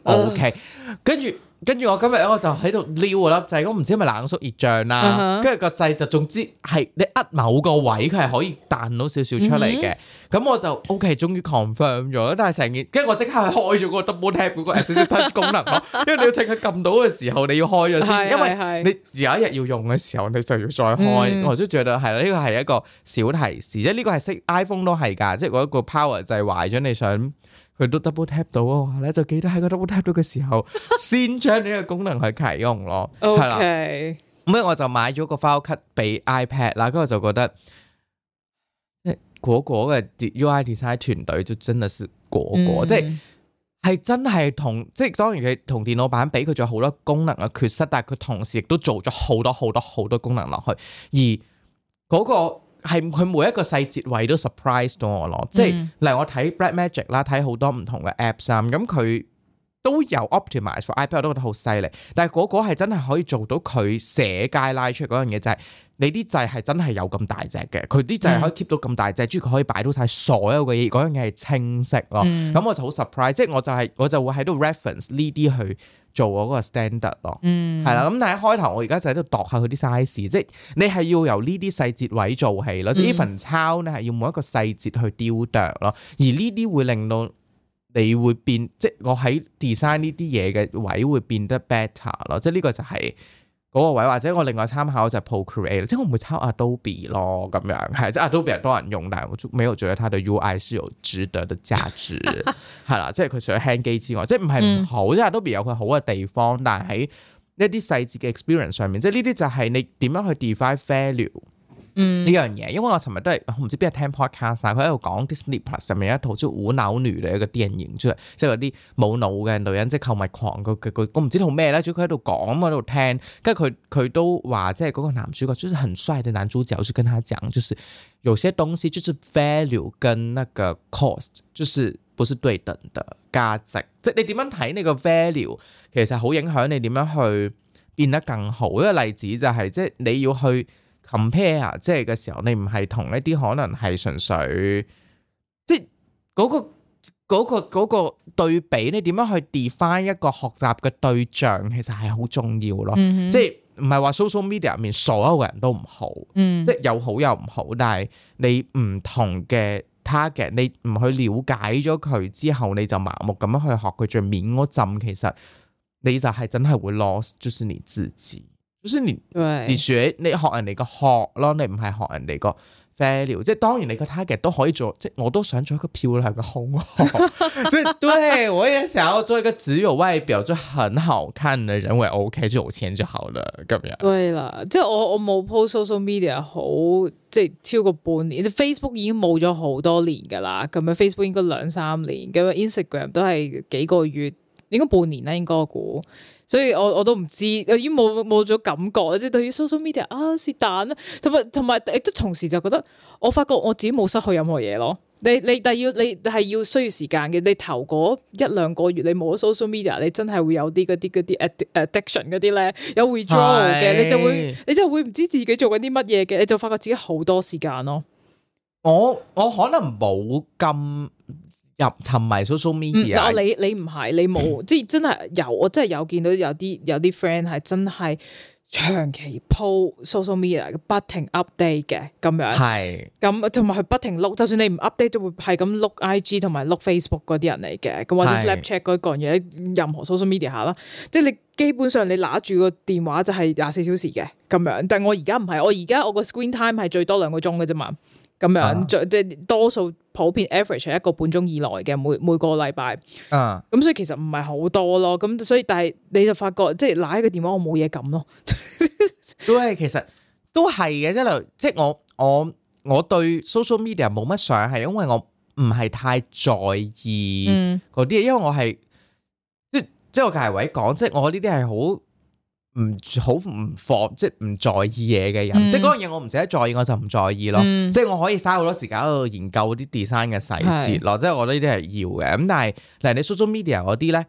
OK，跟住。跟住我今日我就喺度撩啊，啦，就係我唔知係咪冷縮熱脹啦。跟住個掣就總之係你壓某個位，佢係可以彈到少少出嚟嘅。咁我就 OK，終於 confirm 咗。但係成件，跟住我即刻開咗個 double tap 嗰個 assistive touch 功能咯。因為你要睇佢撳到嘅時候，你要開咗先，因為你有一日要用嘅時候，你就要再開。我先做到係啦，呢個係一個小提示，即係呢個係識 iPhone 都係㗎，即係嗰個 power 掣壞咗，你想。佢都 double tap 到啊，咧就記得喺個 double tap 到嘅時候， 先將呢個功能去啟用咯。OK，咁我就買咗個 file cut 俾 iPad 啦，跟住我就覺得，果果嘅 UI design 團隊就真係係果果，嗯、即係真係同即係當然佢同電腦版比，佢仲有好多功能嘅缺失，但係佢同時亦都做咗好多好多好多好多功能落去，而嗰、那個。係佢每一個細節位都 surprise 到我咯，即係，例如我睇 Black Magic 啦、啊，睇好多唔同嘅 apps 咁佢都有 optimize for iPad，我都覺得好犀利。但係嗰個係真係可以做到佢社界拉出嗰樣嘢，就係、是、你啲掣係真係有咁大隻嘅，佢啲掣可以 keep 到咁大隻，跟住佢可以擺到晒所有嘅嘢，嗰樣嘢係清晰咯。咁、嗯、我就好 surprise，即係我就係、是、我就會喺度 reference 呢啲去。做我嗰個 standard 咯、嗯，係啦。咁但係一開頭我而家就喺度度下佢啲 size，即係你係要由呢啲細節位做起咯。嗯、即係呢份抄你係要每一個細節去雕琢咯，而呢啲會令到你會變，即係我喺 design 呢啲嘢嘅位會變得 better 咯。即係呢個就係、是。嗰個位或者我另外參考就係 Procreate，即係我唔會抄 Adobe 咯，咁樣係即係 Adobe 多人用，但係我就沒有覺得它的 UI 是有值得嘅價值，係啦， 即係佢除咗輕機之外，即係唔係唔好，即係 Adobe 有佢好嘅地方，但係喺一啲細節嘅 experience 上面，即係呢啲就係你點樣去 define value。呢樣嘢，嗯、因為我尋日都係我唔知邊日聽 podcast 佢喺度講 Disney Plus 上面有一套叫《無腦女》嘅一個電影出嚟，即係嗰啲冇腦嘅女人，即係購物狂嘅。我唔知道套咩咧，主要佢喺度講，我喺度聽，跟住佢佢都話，即係嗰個男主角，即係很帥嘅男主角，有時跟他講，就是有些東西就是 value 跟那個 cost，就是不是對等的價值，即係你點樣睇呢個 value，其實好影響你點樣去變得更好。一個例子就係、是、即係你要去 compare 啊，即係嘅時候，你唔係同一啲可能係純粹，即係、嗰個、嗰個、嗰個對比，你點樣去 define 一個學習嘅對象，其實係好重要咯。嗯、哼即係唔係話 social media 入面所有人都唔好，嗯、即係有好有唔好，但係你唔同嘅 target，你唔去了解咗佢之後，你就盲目咁樣去學佢最面嗰陣，其實你就係真係會 loss，就是你自己。就先對，你，連你學人哋個殼咯，你唔係學人哋個 value，即係當然你個 target 都可以做，即係我都想做一個漂亮嘅空殼。 對，對我也想要做一個只有外表就很好看嘅人，我 OK 就有錢就好了咁樣。對啦，即係我我冇 post social media 好，即係超過半年，Facebook 已經冇咗好多年噶啦，咁樣 Facebook 應該兩三年，咁樣 Instagram 都係幾個月。應該半年啦，應該估，所以我我都唔知，我已經冇冇咗感覺，即係對於 social media 啊是但啦，同埋同埋亦都同時就覺得我發覺我自己冇失去任何嘢咯。你你但要你係要需要時間嘅，你頭嗰一兩個月你冇 social media，你真係會有啲嗰啲啲 add addiction 嗰啲咧，有 withdraw 嘅，你就會你就會唔知自己做緊啲乜嘢嘅，你就發覺自己好多時間咯。我我可能冇咁。入沉迷 social media，嗯，你。你你唔係，你冇，嗯、即係真係有，我真係有見到有啲有啲 friend 係真係長期 po social media 不停 update 嘅咁樣。係咁是，同埋佢不停碌，就算你唔 update 都會係咁碌 IG 同埋碌 Facebook 嗰啲人嚟嘅，咁或者 Snapchat 嗰啲講嘢，任何 social media 下啦。即係你基本上你拿住個電話就係廿四小時嘅咁樣。但係我而家唔係，我而家我個 screen time 係最多兩個鐘嘅啫嘛。咁樣最即係多數普遍 average 係一個半鐘以內嘅每每個禮拜，啊咁所以其實唔係好多咯，咁所以但係你就發覺即係拿起個電話我冇嘢撳咯， 都係其實都係嘅，即係即係我我我對 social media 冇乜想，係因為我唔係太在意嗰啲嘢，因為我係即即係我隔位講，即係我呢啲係好。唔好唔放即係唔在意嘢嘅人，嗯、即係嗰樣嘢我唔捨得在意，我就唔在意咯。即係我可以嘥好多時間喺度研究啲 design 嘅細節咯，即係是我覺得呢啲係要嘅。咁但係嗱，你 social media 嗰啲咧？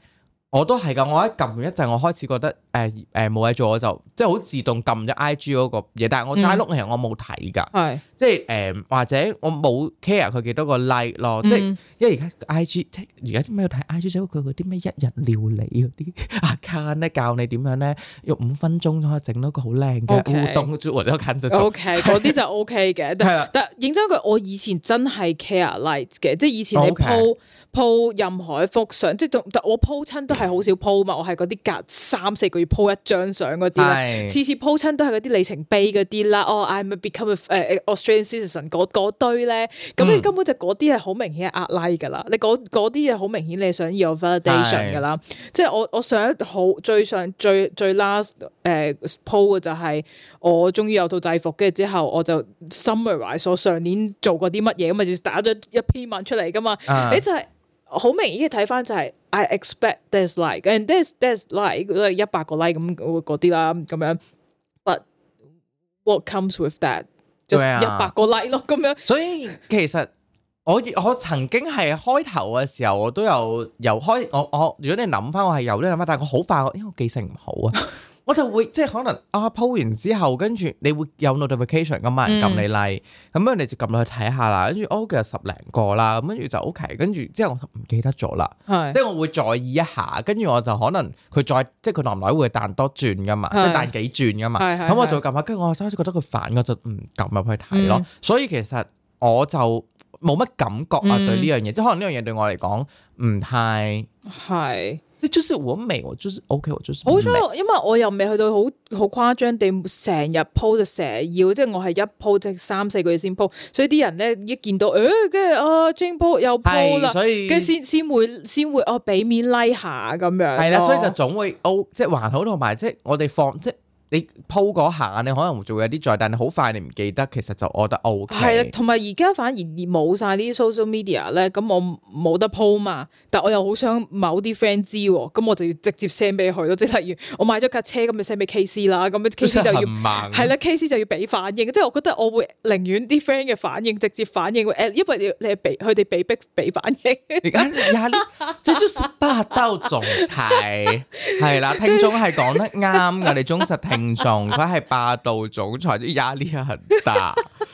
我都係噶，我一撳完一陣，我開始覺得誒誒冇嘢做，我就即係好自動撳咗 I G 嗰個嘢。但係我齋 look 其實我冇睇㗎，嗯、即係誒、呃、或者我冇 care 佢幾多個 like 咯。嗯、即係因為而家 I G 即係而家啲咩要睇 I G，即係佢嗰啲咩一日料理嗰啲 account 咧，教你點樣咧用五分鐘可以整到個好靚嘅烏冬，做 Okay, 或者近就做。O K，嗰啲就 O K 嘅。係 但係認真佢，我以前真係 care like 嘅，即係以前你 po okay, 任何一幅相，即係我 po 親都係。好少 po 嘛，我係嗰啲隔三四個月 po 一張相嗰啲，次是的 次 po 親、e、都係嗰啲里程碑嗰啲啦。哦、oh,，I'm a become a 誒、uh, Australian citizen，嗰堆咧，咁你根本就嗰啲係好明顯壓 like 噶啦。你嗰啲嘢好明顯，你想要有 validation 噶啦。是的 即係我我上一好最上最，最最 last 誒 po 嘅就係我終於有套制服，跟住之後我就 summarise 我上年做過啲乜嘢，咁咪就打咗一篇文出嚟噶嘛。Uh huh. 你就係、是。好明顯睇翻就係、是，I expect there's like，and there's there's like 都係一百個 like 咁嗰啲啦，咁樣。But what comes with that？就係一百個 like 咯，咁樣。所以其實我我曾經係開頭嘅時候，我都有由開我我，如果你諗翻我係有呢諗翻，但係我好快，因為我記性唔好啊。 我就會即係可能啊鋪完之後，跟住你會有 notification 咁，有人撳你嚟、like, 嗯，咁樣你就撳落去睇下、哦、啦。跟住哦，今日十零個啦，咁跟住就 OK 跟。跟住之後我唔記得咗啦，是即係我會在意一下。跟住我就可能佢再即係佢耐唔耐會彈多轉噶嘛，是即係彈幾轉噶嘛。咁我就撳下，跟住我開始覺得佢煩，我就唔撳入去睇咯。嗯、所以其實我就冇乜感覺啊對呢樣嘢，即係可能呢樣嘢對我嚟講唔太係。即係就是我未，我就是 OK，我就是好彩，因為我又未去到好好誇張地成日 po 就成日要，即係我係一 po 即係三四個月先 po 所以啲人咧一見到誒，跟、欸、住啊 Jane 又 po 啦，所以跟住先先會先會哦俾面拉下咁樣，係啦，所以就總會 O，、哦、即係還好，同埋即係我哋放即係。你 po 嗰下，你可能會做有啲在，但係好快你唔記得，其實就我得 O、OK、K。係啊，同埋而家反而冇曬啲 social media 咧，咁我冇得 po 嘛，但我又好想某啲 friend 知，咁我就要直接 send 俾佢咯。即係例如我買咗架車，咁咪 send 俾 KC 啦，咁樣 KC 就要係啦，KC 就要俾反應。即係我覺得我會寧願啲 friend 嘅反應直接反應，因為你係俾佢哋俾逼俾反應。而家而家呢，這就 是霸道總裁係啦，聽眾係講得啱，我哋忠實聽形象，佢係霸道總裁，啲壓力很大。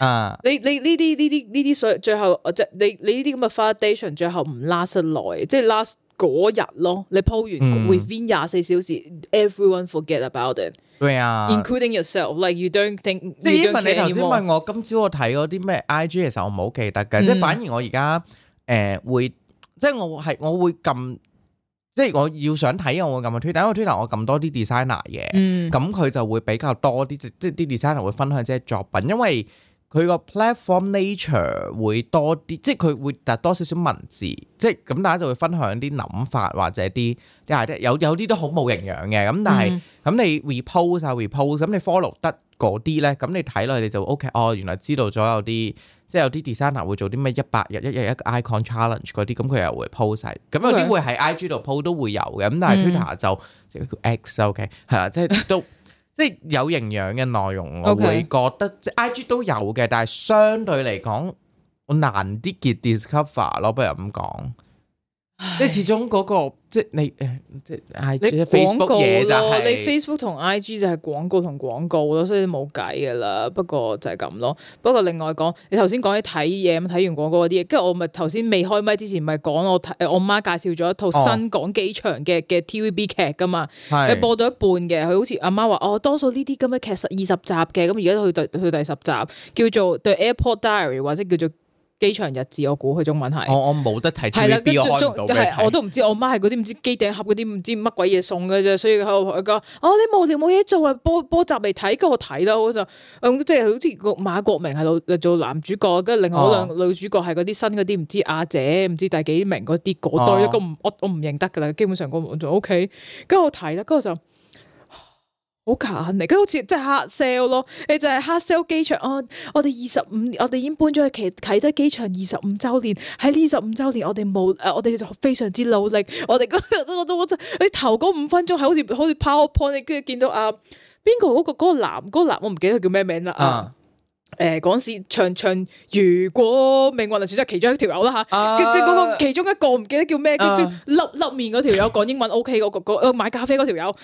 啊！你你呢啲呢啲呢啲所最後，即係你你呢啲咁嘅 foundation，最後唔 last 得耐，即係 last 嗰日咯。你鋪完 review 廿四小時，everyone forget about it，對啊，including yourself，like you don't think。即係呢份你頭先問我，今朝我睇嗰啲咩 IG 嘅時候，我唔好記得㗎，即係反而我而家誒會，即係我係我會撳，即係我要想睇我會撳個推，因為推頭我撳多啲 designer 嘅，咁佢就會比較多啲即係啲 designer 會分享即係作品，因為。佢個 platform nature 會多啲，即係佢會打多少少文字，即係咁大家就會分享啲諗法或者啲，有有啲都好冇營養嘅，咁但係咁、嗯、你 repost、啊、repost 咁你 follow 得嗰啲咧，咁你睇落去你就 ok，哦，原來知道咗有啲，即係有啲 designer 會做啲咩一百日一日一個 icon challenge 嗰啲，咁佢又會 post 曬，咁有啲會喺 IG 度 po 都會有嘅，咁但係 Twitter 就叫、嗯、X OK 係啊，即係都。 即係有營養嘅內容，Okay. 我會覺得即 I G 都有嘅，但係相對嚟講，我難啲 get discover 咯，不如咁講。即唉始終嗰，那個即係你誒，即係係即係 Facebook 嘢，就係、是，你 Facebook 同 IG 就係廣告同廣告咯，所以冇計噶啦。不過就係咁咯。不過另外講，你頭先講起睇嘢咁，睇完廣告嗰啲嘢，跟住我咪頭先未開麥之前咪講我睇我媽介紹咗一套新港機場嘅嘅 TVB 劇噶嘛，係、哦、播到一半嘅，佢好似阿媽話哦，多數呢啲咁嘅劇實二十集嘅，咁而家都去第去第十集，叫做《The Airport Diary》或者叫做。機場日誌，我估佢中文係、哦，我冇得睇 TVB 開唔到，係我都唔知。我媽係嗰啲唔知機頂盒嗰啲唔知乜鬼嘢送嘅啫，所以佢我佢講，哦你無聊冇嘢做啊，播播集嚟睇，跟住我睇啦，我就即係、嗯、好似個馬國明喺度做男主角，跟住另外兩個女主角係嗰啲新嗰啲唔知阿姐唔知第幾名嗰啲嗰堆我我唔認得噶啦，基本上我 okay，我仲 OK，跟住我睇啦，咁我就。好近嚟，佢好似即係黑 sale 咯，你就係黑 sale 機場啊！我哋二十五年，我哋已經搬咗去啟啟德機場二十五周年，喺呢十五周年，我哋冇，誒，我哋就非常之努力，我哋嗰嗰都我真，你頭嗰五分鐘係好似好似 power point，你跟住見到啊，邊、那個嗰個、那個男嗰、那個男，我唔記得佢叫咩名啦啊！Uh huh. 誒，講時、呃、唱唱，如果命運能選擇其中一條友啦吓，即係個其中一個唔、呃、記得叫咩，叫住笠笠面嗰條友講英文，O K 嗰個個買咖啡嗰條友，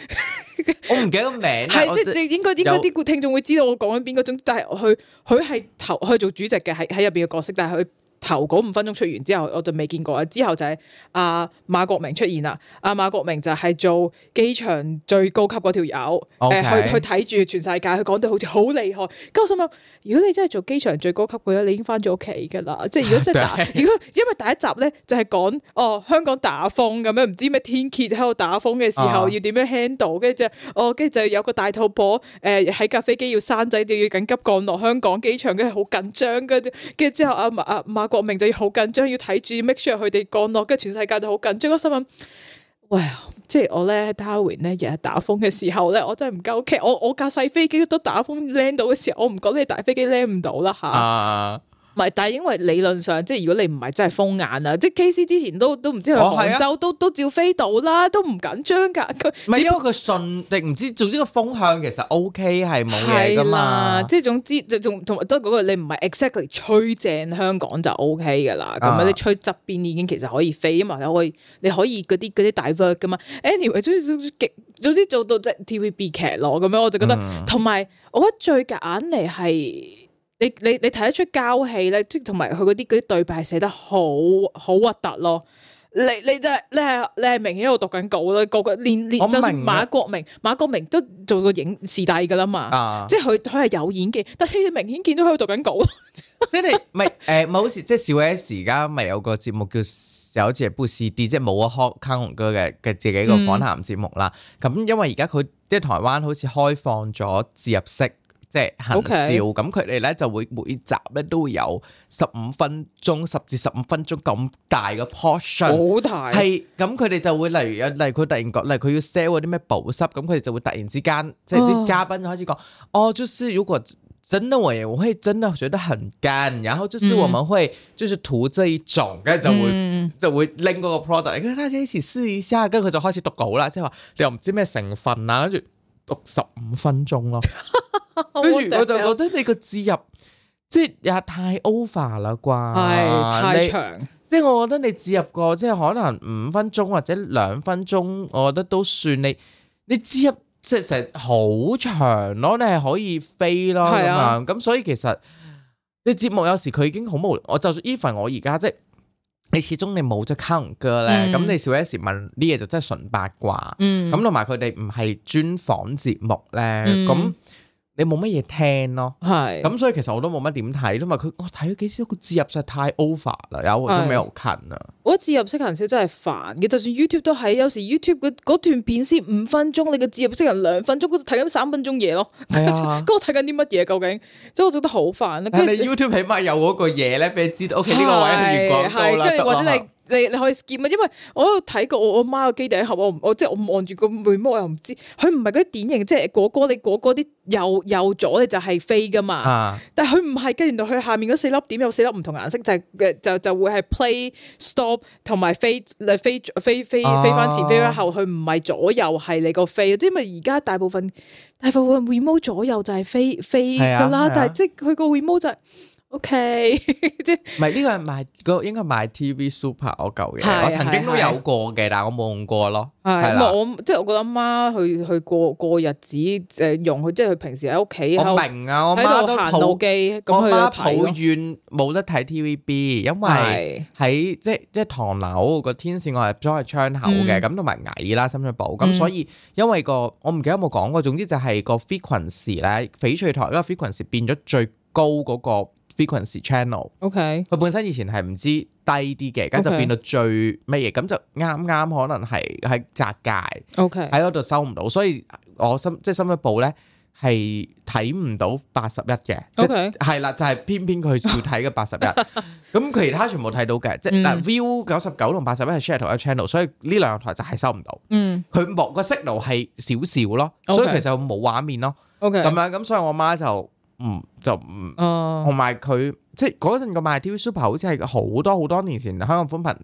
我唔記得名啦，係即係應該應該啲有聽眾會知道我講緊邊嗰種，但係佢佢係投去做主席嘅，喺喺入邊嘅角色，但係佢。頭嗰五分鐘出完之後，我就未見過啊！之後就係、是、阿、啊、馬國明出現啦，阿、啊、馬國明就係做機場最高級嗰條友，誒去去睇住全世界，佢講到好似好厲害。咁我心諗，如果你真係做機場最高級嗰樣，你已經翻咗屋企㗎啦！即係如果真係，如果 對因為第一集咧就係講哦香港打風咁樣，唔知咩天蠍喺度打風嘅時候、uh. 要點樣 handle，跟住就哦，跟住就有個大肚婆誒喺、呃、架飛機要生仔都要緊急降落香港機場，跟住好緊張，跟住之後阿阿馬。啊啊啊啊啊啊啊國明就要好緊張，要睇住 make sure 佢哋降落，跟住全世界都好緊張。我心諗，喂，即係我咧，Darwin 咧，日日打風嘅時候咧，我真係唔夠勁。我我架細飛機都打風 land 到嘅時候，我唔覺得你大飛機 land 唔到啦吓。啊啊啊.唔係，但係因為理論上，即係如果你唔係真係風眼啊，即係 K C 之前都都唔知去杭州、哦啊、都都照飛到啦，都唔緊張㗎。佢唔係，因為佢順定唔知，總之個風向其實 O K 係冇嘢㗎嘛。啊、即係總之，同埋都嗰、那個你唔係 exactly 吹正香港就 O K 㗎啦。咁樣、啊、你吹側邊已經其實可以飛因為，你可以你可以嗰啲嗰啲 diverge 噶嘛。anyway 總之總之做到即係 TVB 劇咯咁樣，我就覺得同埋、嗯、我覺得最簡嚟係。你你你睇得出交戲咧，即係同埋佢嗰啲嗰啲對白寫得好好核突咯。你你就係你係你係明顯喺度讀緊稿啦，個個連連，就算馬國明馬國明都做過影視帝噶啦嘛，啊、即係佢佢係有演技，但係明顯見到佢讀緊稿。啊、你哋們，唔係誒，唔、呃、係好似即係小 S 而家咪有個節目叫有只係 b o o t D，即係冇阿康永哥嘅嘅自己，自己個訪談節目啦。咁、嗯、因為而家佢即係台灣好似開放咗置入式。即係好笑，咁佢哋咧就會每集咧都會有十五分鐘，十至十五分鐘咁大個 portion。好大。係，咁佢哋就會例如有，例如佢突然講，例如佢要 sell 嗰啲咩保濕，咁佢哋就會突然之間，即係啲嘉賓開始講。哦，就是如果真得我，嘢，我可以真的覺得很乾，然後就是我們會、嗯、就是塗這一種，跟住就會、嗯、就會拎嗰個 product，跟住大家一起試一下，跟住佢就開始讀稿啦，即係話你又唔知咩成分啊，跟住。讀十五分鐘咯，跟住 我一就覺得你個置入即係也太 over 啦啩，太長。你即係我覺得你置入過即係可能五分鐘或者兩分鐘，我覺得都算你。你置入即係成好長咯，你係可以飛咯咁、啊、樣。咁所以其實你節目有時佢已經好無聊。我就算 even 我而家即係。你始終你冇咗 couple girl 咧，咁、嗯、你少少時問啲嘢就真係純八卦，咁同埋佢哋唔係專訪節目咧，咁、嗯。你冇乜嘢聽咯，係咁是所以其實我都冇乜點睇咯，因為佢我睇咗幾少個字入實太 over 啦，有或者咩？好近啊。我覺得字入識人少真係煩嘅，就算 YouTube 都係，有時 YouTube 嗰段片先五分鐘，你個字入識人兩分鐘，佢度睇緊三分鐘嘢咯。係啊，睇緊啲乜嘢究竟？即係我覺得好煩啦。啊、你 YouTube 起碼有嗰個嘢咧俾你知道是，OK 呢個位係賣廣告啦，或者你。好你你可以見啊，因為我有睇過我我媽個機頂盒，我我即係我望住個 remote，我，我，我，remote, 我又唔知，佢唔係嗰啲典型，即係嗰個，哥你嗰個啲右右左你就係飛噶嘛，啊、但係佢唔係跟住到佢下面嗰四粒點有四粒唔同顏色，就係、是、就就，就會係 play stop 同埋飛。嚟飛飛飛飛翻前、啊、飛翻後，佢唔係左右係你個飛，即係咪而家大部分大部分 remote 左右就係飛飛噶啦，是啊是啊但係即係佢個 remote 就係、是。O K，即係唔係呢個係 my 個，應該 myT V Super 我舊嘢，我曾經都有過嘅，但係我冇用過咯。係啦，我即係我覺得阿媽去去過過日子，誒用佢即係佢平時喺屋企。我明啊，我媽都抱機，咁佢抱怨冇得睇 T V B，因為喺即係即係唐樓個天線我係裝喺窗口嘅，咁同埋矮啦，深水埗，咁所以因為個我唔記得有冇講過，總之就係個 frequency 咧翡翠台個 frequency 變咗最高嗰個。frequency channel，佢本身以前係唔知低啲嘅，而家就變到最乜嘢，咁就啱啱可能係喺窄界，喺嗰度收唔到，所以我深即係深一步咧，係睇唔到八十一嘅，係啦，就係偏偏佢要睇嘅八十一，咁其他全部睇到嘅，即係嗱 view 九十九同八十一係 share 同一 channel，所以呢兩台就係收唔到，嗯，佢冇個 signal 係少少咯，所以其實冇畫面咯，咁樣咁，所以我媽就。唔、嗯、就唔、同埋佢即係嗰陣個 MyTV Super 好似係好多好多年前，香港寬頻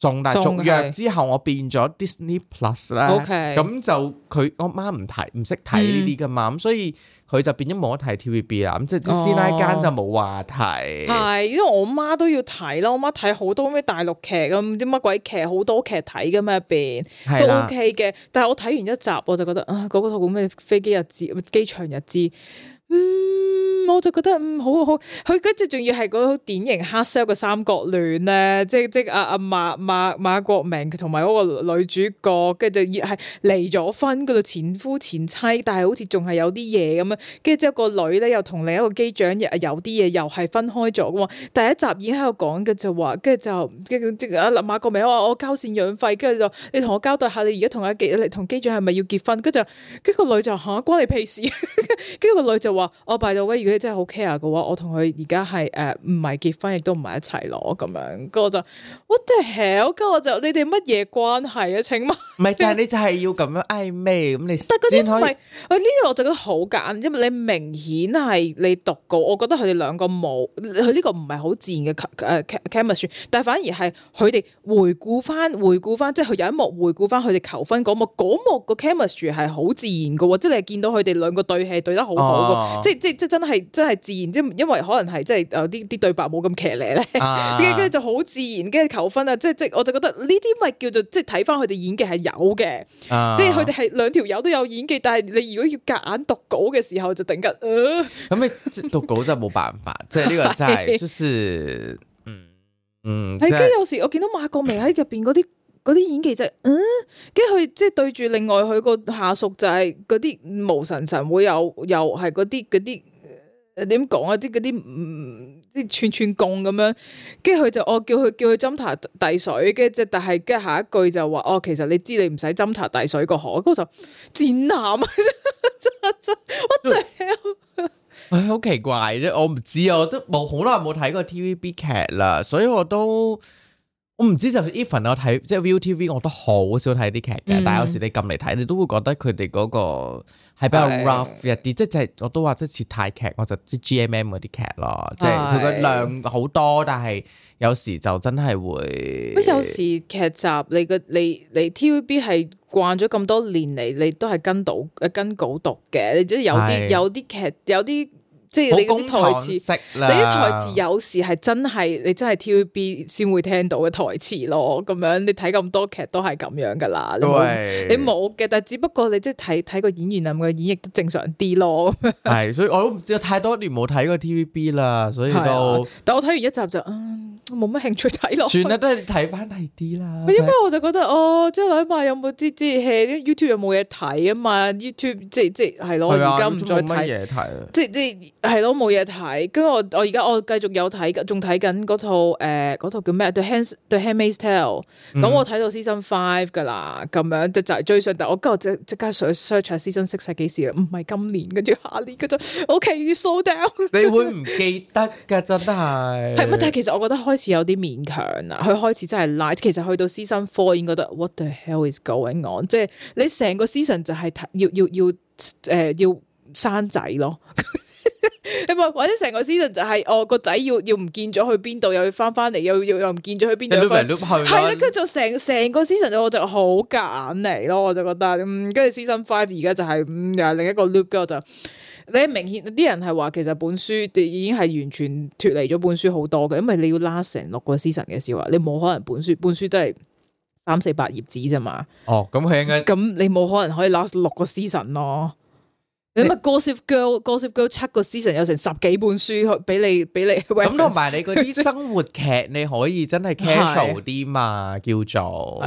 重大續約是之後，我變咗 Disney Plus 啦 Okay,。咁就佢我媽唔睇唔識睇呢啲噶嘛，咁、嗯、所以佢就變咗冇得睇 TVB 啦。咁即係啲師奶間就冇話題。係、嗯，因為我媽都要睇咯，我媽睇好多咩大陸劇咁，啲乜鬼劇好多劇睇噶咩入邊，都 OK 嘅。但係我睇完一集，我就覺得啊，嗰套叫咩飛機日誌、機場日誌。嗯，我就覺得嗯好好，佢跟住仲要係個典型黑社嘅三角戀咧，即即阿、啊、阿、啊、馬馬馬國明同埋嗰個女主角，跟住就係離咗婚嗰度前夫前妻，但係好似仲係有啲嘢咁樣。跟住之後個女咧又同另一個機長有有啲嘢，又係分開咗嘅。第一集已經喺度講嘅就話，跟住就即即阿馬國明話我交贍養費，跟住就你同我交代下，你而家同阿機同機長係咪要結婚？跟住跟住個女就吓、啊，關你屁事，跟住個女就話。我拜到威，oh, way, 如果你真係好 care 嘅話，我同佢而家係誒唔係結婚亦都唔係一齊攞咁樣。咁我就 What the hell？咁我就你哋乜嘢關係啊？請問唔係，但係你就係要咁樣曖昧？咁你先可以。我呢個我就覺得好假，因為你明顯係你讀過，我覺得佢哋兩個冇佢呢個唔係好自然嘅誒 chemistry，但係反而係佢哋回顧翻、回顧翻，即係佢有一幕回顧翻佢哋求婚嗰幕，嗰幕個 chemistry 係好自然嘅喎，即係你見到佢哋兩個對戲對得好好嘅。哦。即係即係即係真係真係自然，因因為可能係即係有啲啲對白冇咁騎呢咧，跟住就好自然，跟住求婚啦，即係即係我就覺得呢啲咪叫做即係睇翻佢哋演技係有嘅，啊、即係佢哋係兩條友都有演技，但係你如果要夾硬讀稿嘅時候就頂緊，咁、呃、你 讀稿就冇辦法，即係呢個真係即係，嗯嗯，跟有時我見到馬國明喺入邊嗰啲。嗰啲演技就係，嗯，跟住佢即係對住另外佢個下屬就係嗰啲無神神會有又係嗰啲嗰啲點講啊啲嗰啲啲串串貢咁樣，跟住佢就我、哦、叫佢叫佢斟茶遞水嘅即但係跟住下一句就話哦，其實你知你唔使斟茶遞水個河，嗰個就賤男， 真真我頂，唉好奇怪啫，我唔知啊，我都冇好耐冇睇過 TVB 劇啦，at, 所以我都。我唔知就 even 我睇即係 ViuTV 我都好少睇啲劇嘅，嗯、但係有時你撳嚟睇，你都會覺得佢哋嗰個係比較 rough 一啲是、就是，即係我都話即係似泰劇，我就即 GMM 嗰啲劇咯，即係佢個量好多，但係有時就真係會。咁有時劇集你個你你 TVB 係慣咗咁多年嚟，你都係跟到跟稿讀嘅，即係有啲是有啲劇有啲。有即係你啲台詞，你啲台詞有時係真係你真係 TVB 先會聽到嘅台詞咯，咁樣你睇咁多劇都係咁樣噶啦，你冇嘅對，但係只不過你即係睇睇個演員啊，咁嘅演繹都正常啲咯。係，所以我都唔知，太多年冇睇過 TVB 啦，所以就、啊……但我睇完一集就，冇、啊、乜興趣睇咯。算啦，都係睇翻係啲啦。因為我，、啊、我就覺得，哦，即係諗有冇啲即係 YouTube 有冇嘢睇啊嘛？YouTube 即係即係係咯，而家唔再睇。即係即係。係咯，冇嘢睇。跟住我，我而家我繼續有睇嘅，仲睇緊嗰套誒嗰、呃、套叫咩 The Hands The Handmaid's Tale、嗯。咁我睇到 season five 噶啦，咁樣就就係追上。但我今日即即刻想 search 下 season six 係幾時啦？唔係今年，跟住下年嘅就 OK slow down。你會唔記得㗎？真係係乜？但係其實我覺得開始有啲勉強啦。佢開始真係 like，其實去到 season four 已經覺得 What the hell is going on？即係你成個 season 就係要要要誒要，要，要生仔咯。或者成個 season 就係我個仔要要唔見咗去邊度，又要翻翻嚟，又要又唔見咗去邊度翻。係啦，跟住成成個 season 我就好夾硬嚟咯，我就覺得，跟、嗯、住 season five 而家就係、是嗯，又係另一個 loop g 就，你明顯啲人係話其實本書已經係完全脫離咗本書好多嘅，因為你要拉成六個 season 嘅時候，你冇可能本書本書都係三四百頁紙啫嘛。哦，咁聽咁你冇可能可以拉六個 season 咯。你諗吖《Gossip Girl》《Gossip Girl》七個 season 有成十幾本書，去俾你俾你。喂，咁同埋你嗰啲生活劇，你可以真係 casual 啲嘛，叫做。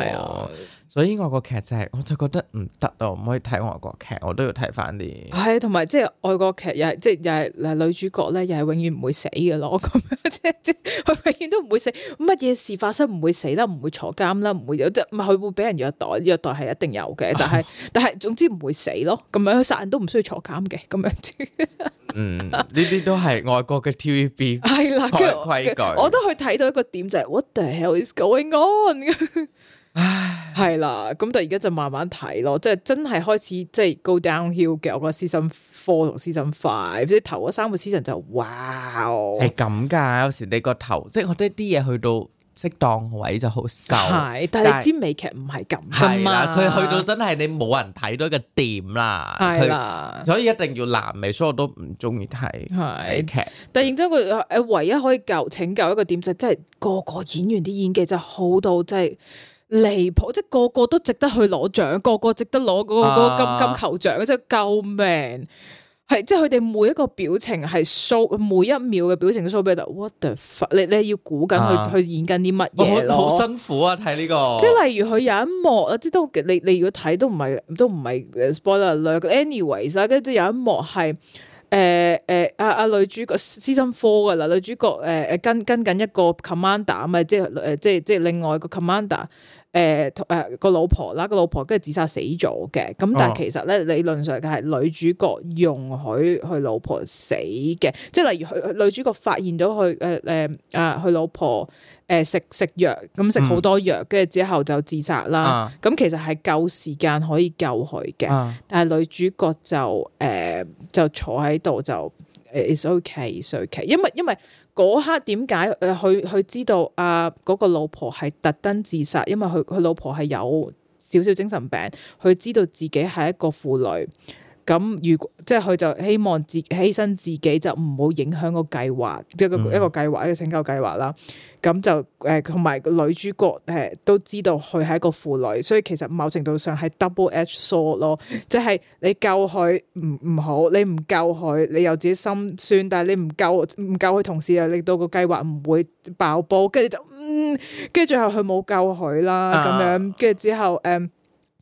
所以外國劇就係，我就覺得唔得咯，唔可以睇外國劇，我都要睇翻啲。係啊，同埋即係外國劇又係，即係又係嗱女主角咧，又係永遠唔會死嘅咯，咁樣即係即係，佢永遠都唔會死。乜嘢事發生唔會死啦，唔會坐監啦，唔會有即唔係佢會俾人虐待，虐待係一定有嘅，但係 但係總之唔會死咯。咁樣殺人都唔需要坐監嘅，咁樣。 嗯，呢啲都係外國嘅 TVB 係啦規矩。我都去睇到一個點就係、是、What the hell is going on？係唉啦，咁但係而家就慢慢睇咯，即係真係開始即係 go downhill 嘅。我覺得 season four 同 season five 即係頭嗰三個 season 就哇，哦，係咁噶。有時你個頭即係我覺得啲嘢去到適當位就好瘦。但係你知美劇唔係咁。係啦是，佢嗎去到真係你冇人睇到個點啦。係，所以一定要爛尾，所以我都唔中意睇美劇。但係認真佢唯一可以救拯救一個點就真、是、係個個演員啲演技就好到即係。離譜！即係個個都值得去攞獎，個個值得攞嗰個金金球獎！啊、即係救命，係即係佢哋每一個表情係 show 每一秒嘅表情 show 俾你，what the fuck！你你要估緊佢佢演緊啲乜嘢？好辛苦啊！睇呢個，即係例如佢有一幕啊，即都你你如果睇都唔係都唔係 spoiler 咧。anyways 啊，跟住有一幕係誒誒阿阿女主角 season four 嘅啦，女主角誒誒跟跟緊一個 commander 咪即係誒即係即係另外一個 commander。誒同誒個老婆啦，個老婆跟住自殺死咗嘅。咁但係其實咧，oh. 理論上係女主角容許佢老婆死嘅，即係例如佢女主角發現咗佢誒誒啊，佢、呃呃呃、老婆誒、呃、食食藥，咁食好多藥，跟住、mm. 之後就自殺啦。咁、uh. 其實係夠時間可以救佢嘅，uh. 但係女主角就誒、呃、就坐喺度就。誒，is okay，is okay。因為因為嗰刻點解誒佢佢知道啊，嗰個老婆係特登自殺，因為佢佢老婆係有少少精神病，佢知道自己係一個婦女。咁如果即係佢就希望自犧牲自己就唔好影響個計劃，即係、嗯、一個計劃一個拯救計劃啦。咁就誒同埋女主角誒都知道佢係一個婦女，所以其實某程度上係 double edge sword 咯，即、就、係、是、你救佢唔唔好，你唔救佢，你又自己心酸，但係你唔救唔救佢，同時又令到個計劃唔會爆煲，跟住就嗯，跟住最後佢冇救佢啦，咁樣跟住、啊、之後誒。嗯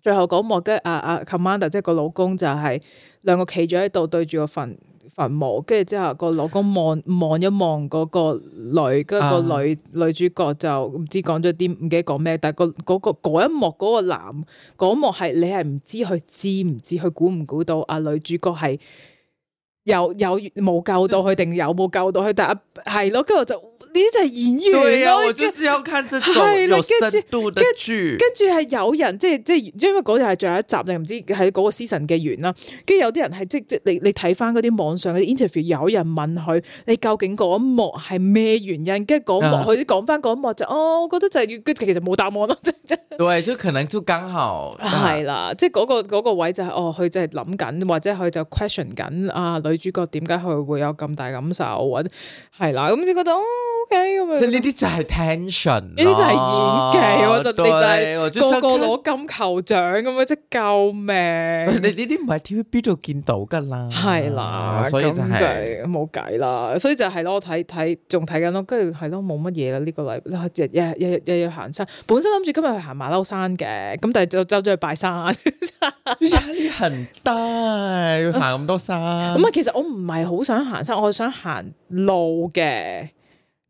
最後嗰幕跟阿阿 Commander 即係個老公，就係兩個企咗喺度對住個墳墳墓，跟住之後個老公望望一望嗰個女，跟、嗰、住個女、啊、女主角就唔知講咗啲唔記得講咩，但係、嗰個嗰、嗰個嗰個、一幕嗰、嗰個男嗰幕係你係唔知佢知唔知佢估唔估到啊女主角係有有冇救到佢定有冇救到佢，嗯、但係係咯，跟住我就。呢就係演員咯、啊，係啦、啊在，跟住跟住跟住係有人，即係即係，因為嗰日係最後一集，定唔知係嗰個 s 神嘅完啦。跟住有啲人係即即，你你睇翻嗰啲網上嘅 interview，有人問佢，你究竟嗰幕係咩原因？跟住嗰幕，佢都講翻嗰幕就哦，我覺得就係、是，跟其實冇答案咯，即真。對，就可能就剛好係、嗯、啦，即係、那、嗰個、那個位就係、是、哦，佢就係諗緊，或者佢就 question 緊啊女主角點解佢會有咁大感受？係啦，咁你覺得？哦 OK，咁啊，即係呢啲就係 tension，呢啲就係演技，哦、我就對你就係、是、個個攞金球獎咁樣，即係救命！你呢啲唔係 TVB 度見到噶啦，係啦，所以真係冇計啦，所以就係、是、咯，我睇睇仲睇緊咯，跟住係咯，冇乜嘢啦。呢、這個禮日日日日日要行山，本身諗住今日去行馬騮山嘅，咁但係就走咗去拜山。一 行得，要行咁多山，咁啊，其實我唔係好想行山，我想行路嘅。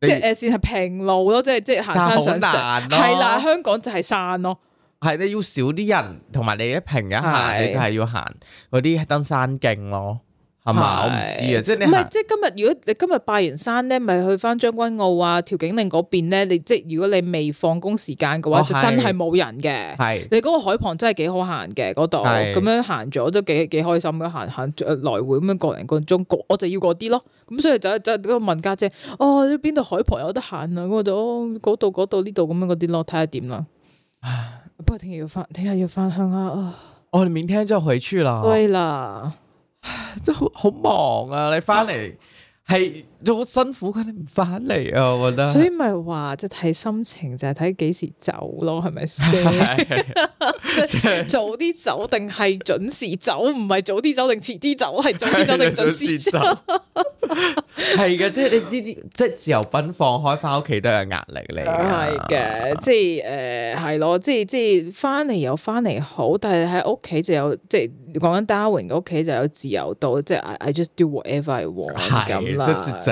你即係誒，算係平路咯，即係即係行山上山，係啦、啊，香港就係山咯、啊，係咧，要少啲人，同埋你一平一下，的你就係要行嗰啲登山徑咯。係嘛？我唔知啊，即係你唔係即係今日。如果你今日拜完山咧，咪去翻將軍澳啊、調景嶺嗰邊咧。你即係如果你未放工時間嘅話，就真係冇人嘅。係你嗰個海旁真係幾好行嘅，嗰度咁樣行咗都幾幾開心嘅，行行來回咁樣個零個鐘。我我就要嗰啲咯。咁所以就就咁問家姐哦，邊度海旁有得行啊？咁我就哦嗰度嗰度呢度咁樣嗰啲咯，睇下點啦。不過聽日要翻，聽日要翻鄉下啊！哦，你明天就回去了。對啦。真係好好忙啊！你翻嚟係。好辛苦，㗎你唔翻嚟啊！我覺得，所以咪話即係睇心情，就係睇幾時走咯，係咪先？就是、 早啲走定係準時走，唔係早啲走定遲啲走，係早啲走定的準時走？係嘅， 即、就、係、是、你呢啲即係自由奔放開，開翻屋企都有壓力嚟。係、就、嘅、是，即係誒係咯，即係即係翻嚟又翻嚟好，但係喺屋企就有即係、就、講、是、緊 Darwin 嘅屋企就有自由度，即、就、係、是、I, I just do whatever I want 咁啦。就是就是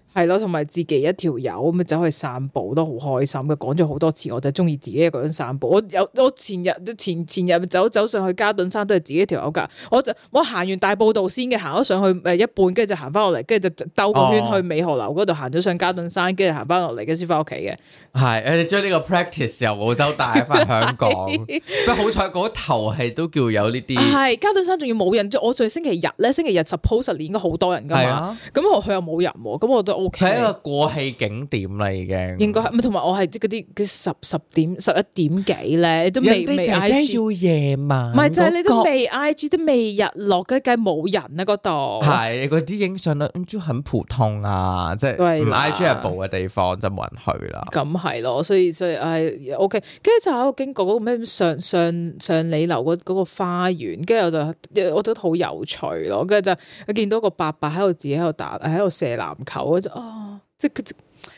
係咯，同埋自己一條友咁啊走去散步都好開心嘅。講咗好多次，我就鍾意自己一個人散步。我有我前日、前前日走走上去嘉頓山都係自己一條友㗎。我就我行完大步道先嘅，行咗上去誒一半，跟住就行翻落嚟，跟住就兜個圈去美荷樓嗰度行咗上嘉頓山，跟住行翻落嚟，跟住先翻屋企嘅。係誒，將呢個 practice 由澳洲帶翻香港。不過 好彩嗰頭係都叫有呢啲。係嘉頓山仲要冇人，即我最星期日咧，星期日十鋪十年應該好多人㗎嘛。係啊。咁我佢又冇人喎，咁我都。.係 Okay, 一個過氣景點啦，已經應該係咪？同埋、嗯、我係即嗰啲十十點十一點幾咧，都未未要夜晚，唔係就係你都未 I G，都未日落，梗係冇人啊嗰度。係嗰啲影相都唔知很普通啊，即係唔 I G 入布嘅地方就冇人去啦。咁係咯，所以所以誒 O K，跟住就喺度經過嗰個咩上上上里樓嗰個花園，跟住我就我覺得好有趣咯。跟住就我見到個伯伯喺度自己喺度打喺度射籃球。哦，即係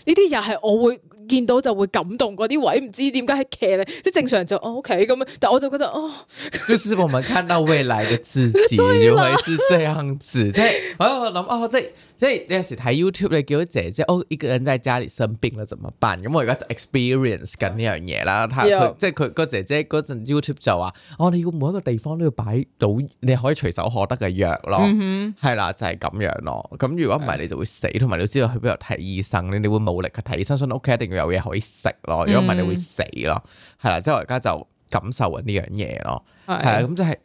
呢啲又係我會見到就會感動嗰啲位，唔知點解係騎呢，即係正常就哦 O K 咁樣，但我就覺得哦， 就是我們看到未來嘅自己就會是這樣子，即係 對啦笑，我諗，哦、這個，即係。即係有陣時睇 YouTube，你叫到姐姐哦，一個人真在家裏生病了怎麼辦？咁、嗯、我而家就 experience 緊呢樣嘢啦。佢 Yeah. 即係佢個姐姐嗰陣 YouTube 就話，哦，你要每一個地方都要擺到你可以隨手可得嘅藥咯。係、mm hmm. 啦，就係、是、咁樣咯。咁如果唔係，你就會死。同埋你都知道去邊度睇醫生咧，你會冇力去睇醫生，所以屋企一定要有嘢可以食咯。如果唔係，你會死咯。係啦，即係我而家就感受緊呢樣嘢咯。係啊、mm，咁即係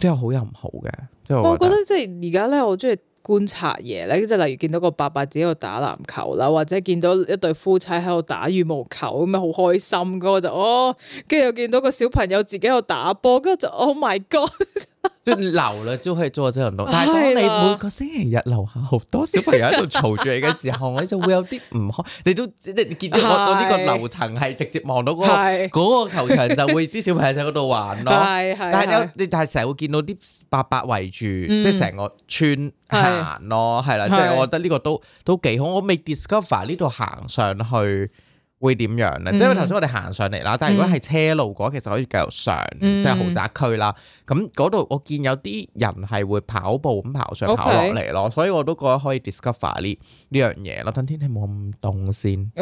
都有好有唔好嘅。即係、mm hmm. 我覺得即係而家咧，我中意。觀察嘢咧，即係例如見到個爸爸自己喺度打籃球啦，或者見到一對夫妻喺度打羽毛球咁樣好開心嘅，我就哦，跟住又見到個小朋友自己喺度打波，跟住就 Oh my God！ 即就留啦，就可以做咗人動。但係當你每個星期日樓下好多小朋友喺度嘈住你嘅時候， 你就會有啲唔開。你都你見到我到呢是個樓層係直接望到嗰、那個是個球場，就會啲小朋友喺嗰度玩咯。但係有你，但係成日會見到啲伯伯圍住，嗯、即係成個村行咯，係啦是是。即係我覺得呢個都都幾好。我未 discover 呢度行上去。會點樣咧？即係頭先我哋行上嚟啦，但係如果係車路嘅話，其實可以繼續上，即係豪宅區啦。咁嗰度我見有啲人係會跑步咁跑上跑落嚟咯，所以我都覺得可以 discover 呢呢樣嘢咯。等天氣冇咁凍先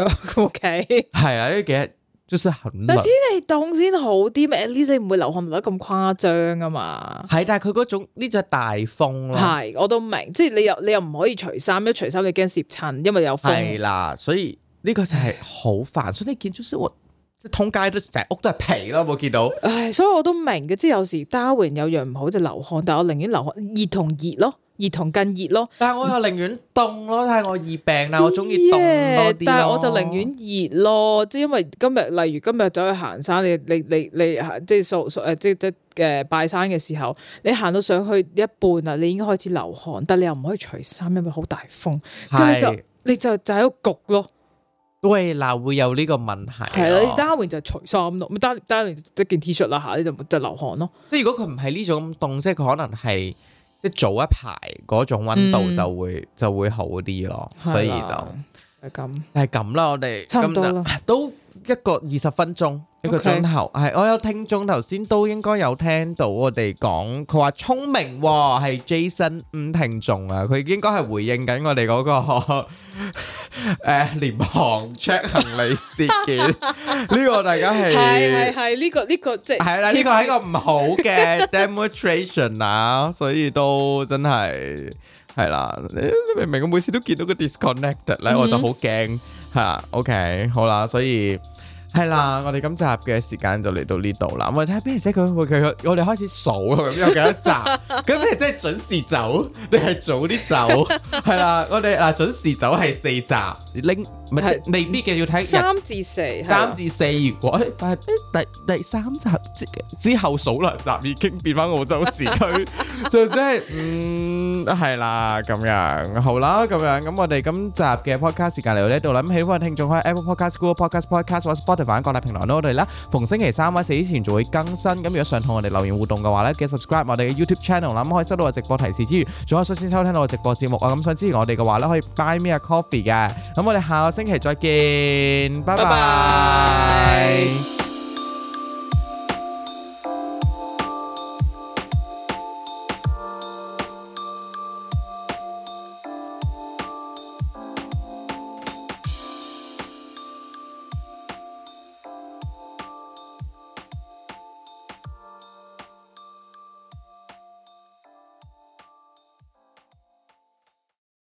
，OK。係啊，呢幾日就是很。但係天氣凍先好啲咩？呢啲唔會流汗流得咁誇張啊嘛。係，但係佢嗰種呢就係大風啦。係，我都明，即係你又你又唔可以除衫，一除衫你驚攝親，因為你有風。係啦，所以。呢個就係好煩，所以啲建築室我即係通街都成屋都係皮咯，我見到。唉，所以我都明嘅，即係有時 darwin 有樣唔好就流汗，但係我寧願流汗熱同熱咯，熱同更熱咯。但係我又寧願凍咯，但係我熱病啦，我中意凍多啲，但係我就寧願熱咯，即係因為今日例如今日走去行山，你你你你即係誒、呃、拜山嘅時候，你行到上去一半啦，你已經開始流汗，但係你又唔可以除衫，因為好大風，咁是你就你就就喺個焗咯。喂，嗱，會有呢個問題，係啦，你單換就除衫咯，咪單單換一件 T 恤啦吓，你就就流汗咯。即係如果佢唔係呢種咁凍，即係佢可能係即係早一排嗰種溫度就會、嗯、就、會就會好啲咯，所以就係咁係咁啦，就是、我哋差唔多、啊、都一個二十分鐘。一個鐘頭係，我有聽眾頭先都應該有聽到我哋講，佢話聰明喎，係 Jason 五聽眾啊，佢應該係回應緊我哋嗰個誒，廉航，check 行李事件呢個大家係係係呢個呢個即係係啦，呢個係一個唔好嘅 demonstration 啊，所以都真係係啦，你明唔明我每次都見到個 disconnect 咧，我就好驚，係啦，OK 好啦，所以。係啦，我哋今集嘅時間就嚟到呢度啦。我睇下邊位姐佢會佢我哋開始數，咁有幾多集？咁你真係準時走，你係早啲走。係啦， 我哋啊準時走係四集拎唔係，未必嘅要睇三至四，三至四月。如果但係第第三集之之後數兩集已經變翻澳洲時區，就即係嗯係啦咁樣，好啦咁樣。咁我哋今集嘅 podcast 時間嚟到呢度啦。咁喜歡嘅聽眾可以喺 Apple Podcast、Google Podcast 或者 Spotify 等各大平台都我哋啦。逢星期三或者四之前就會更新。咁如果想同我哋留言互動嘅話咧，記得 subscribe 我哋嘅 YouTube channel，咁可以收到我直播提示之餘，仲可以率先收聽到我直播節目啊。咁想支持我哋嘅話咧，可以 buy me a coffee 嘅。咁我哋下個。星期一再見，拜拜。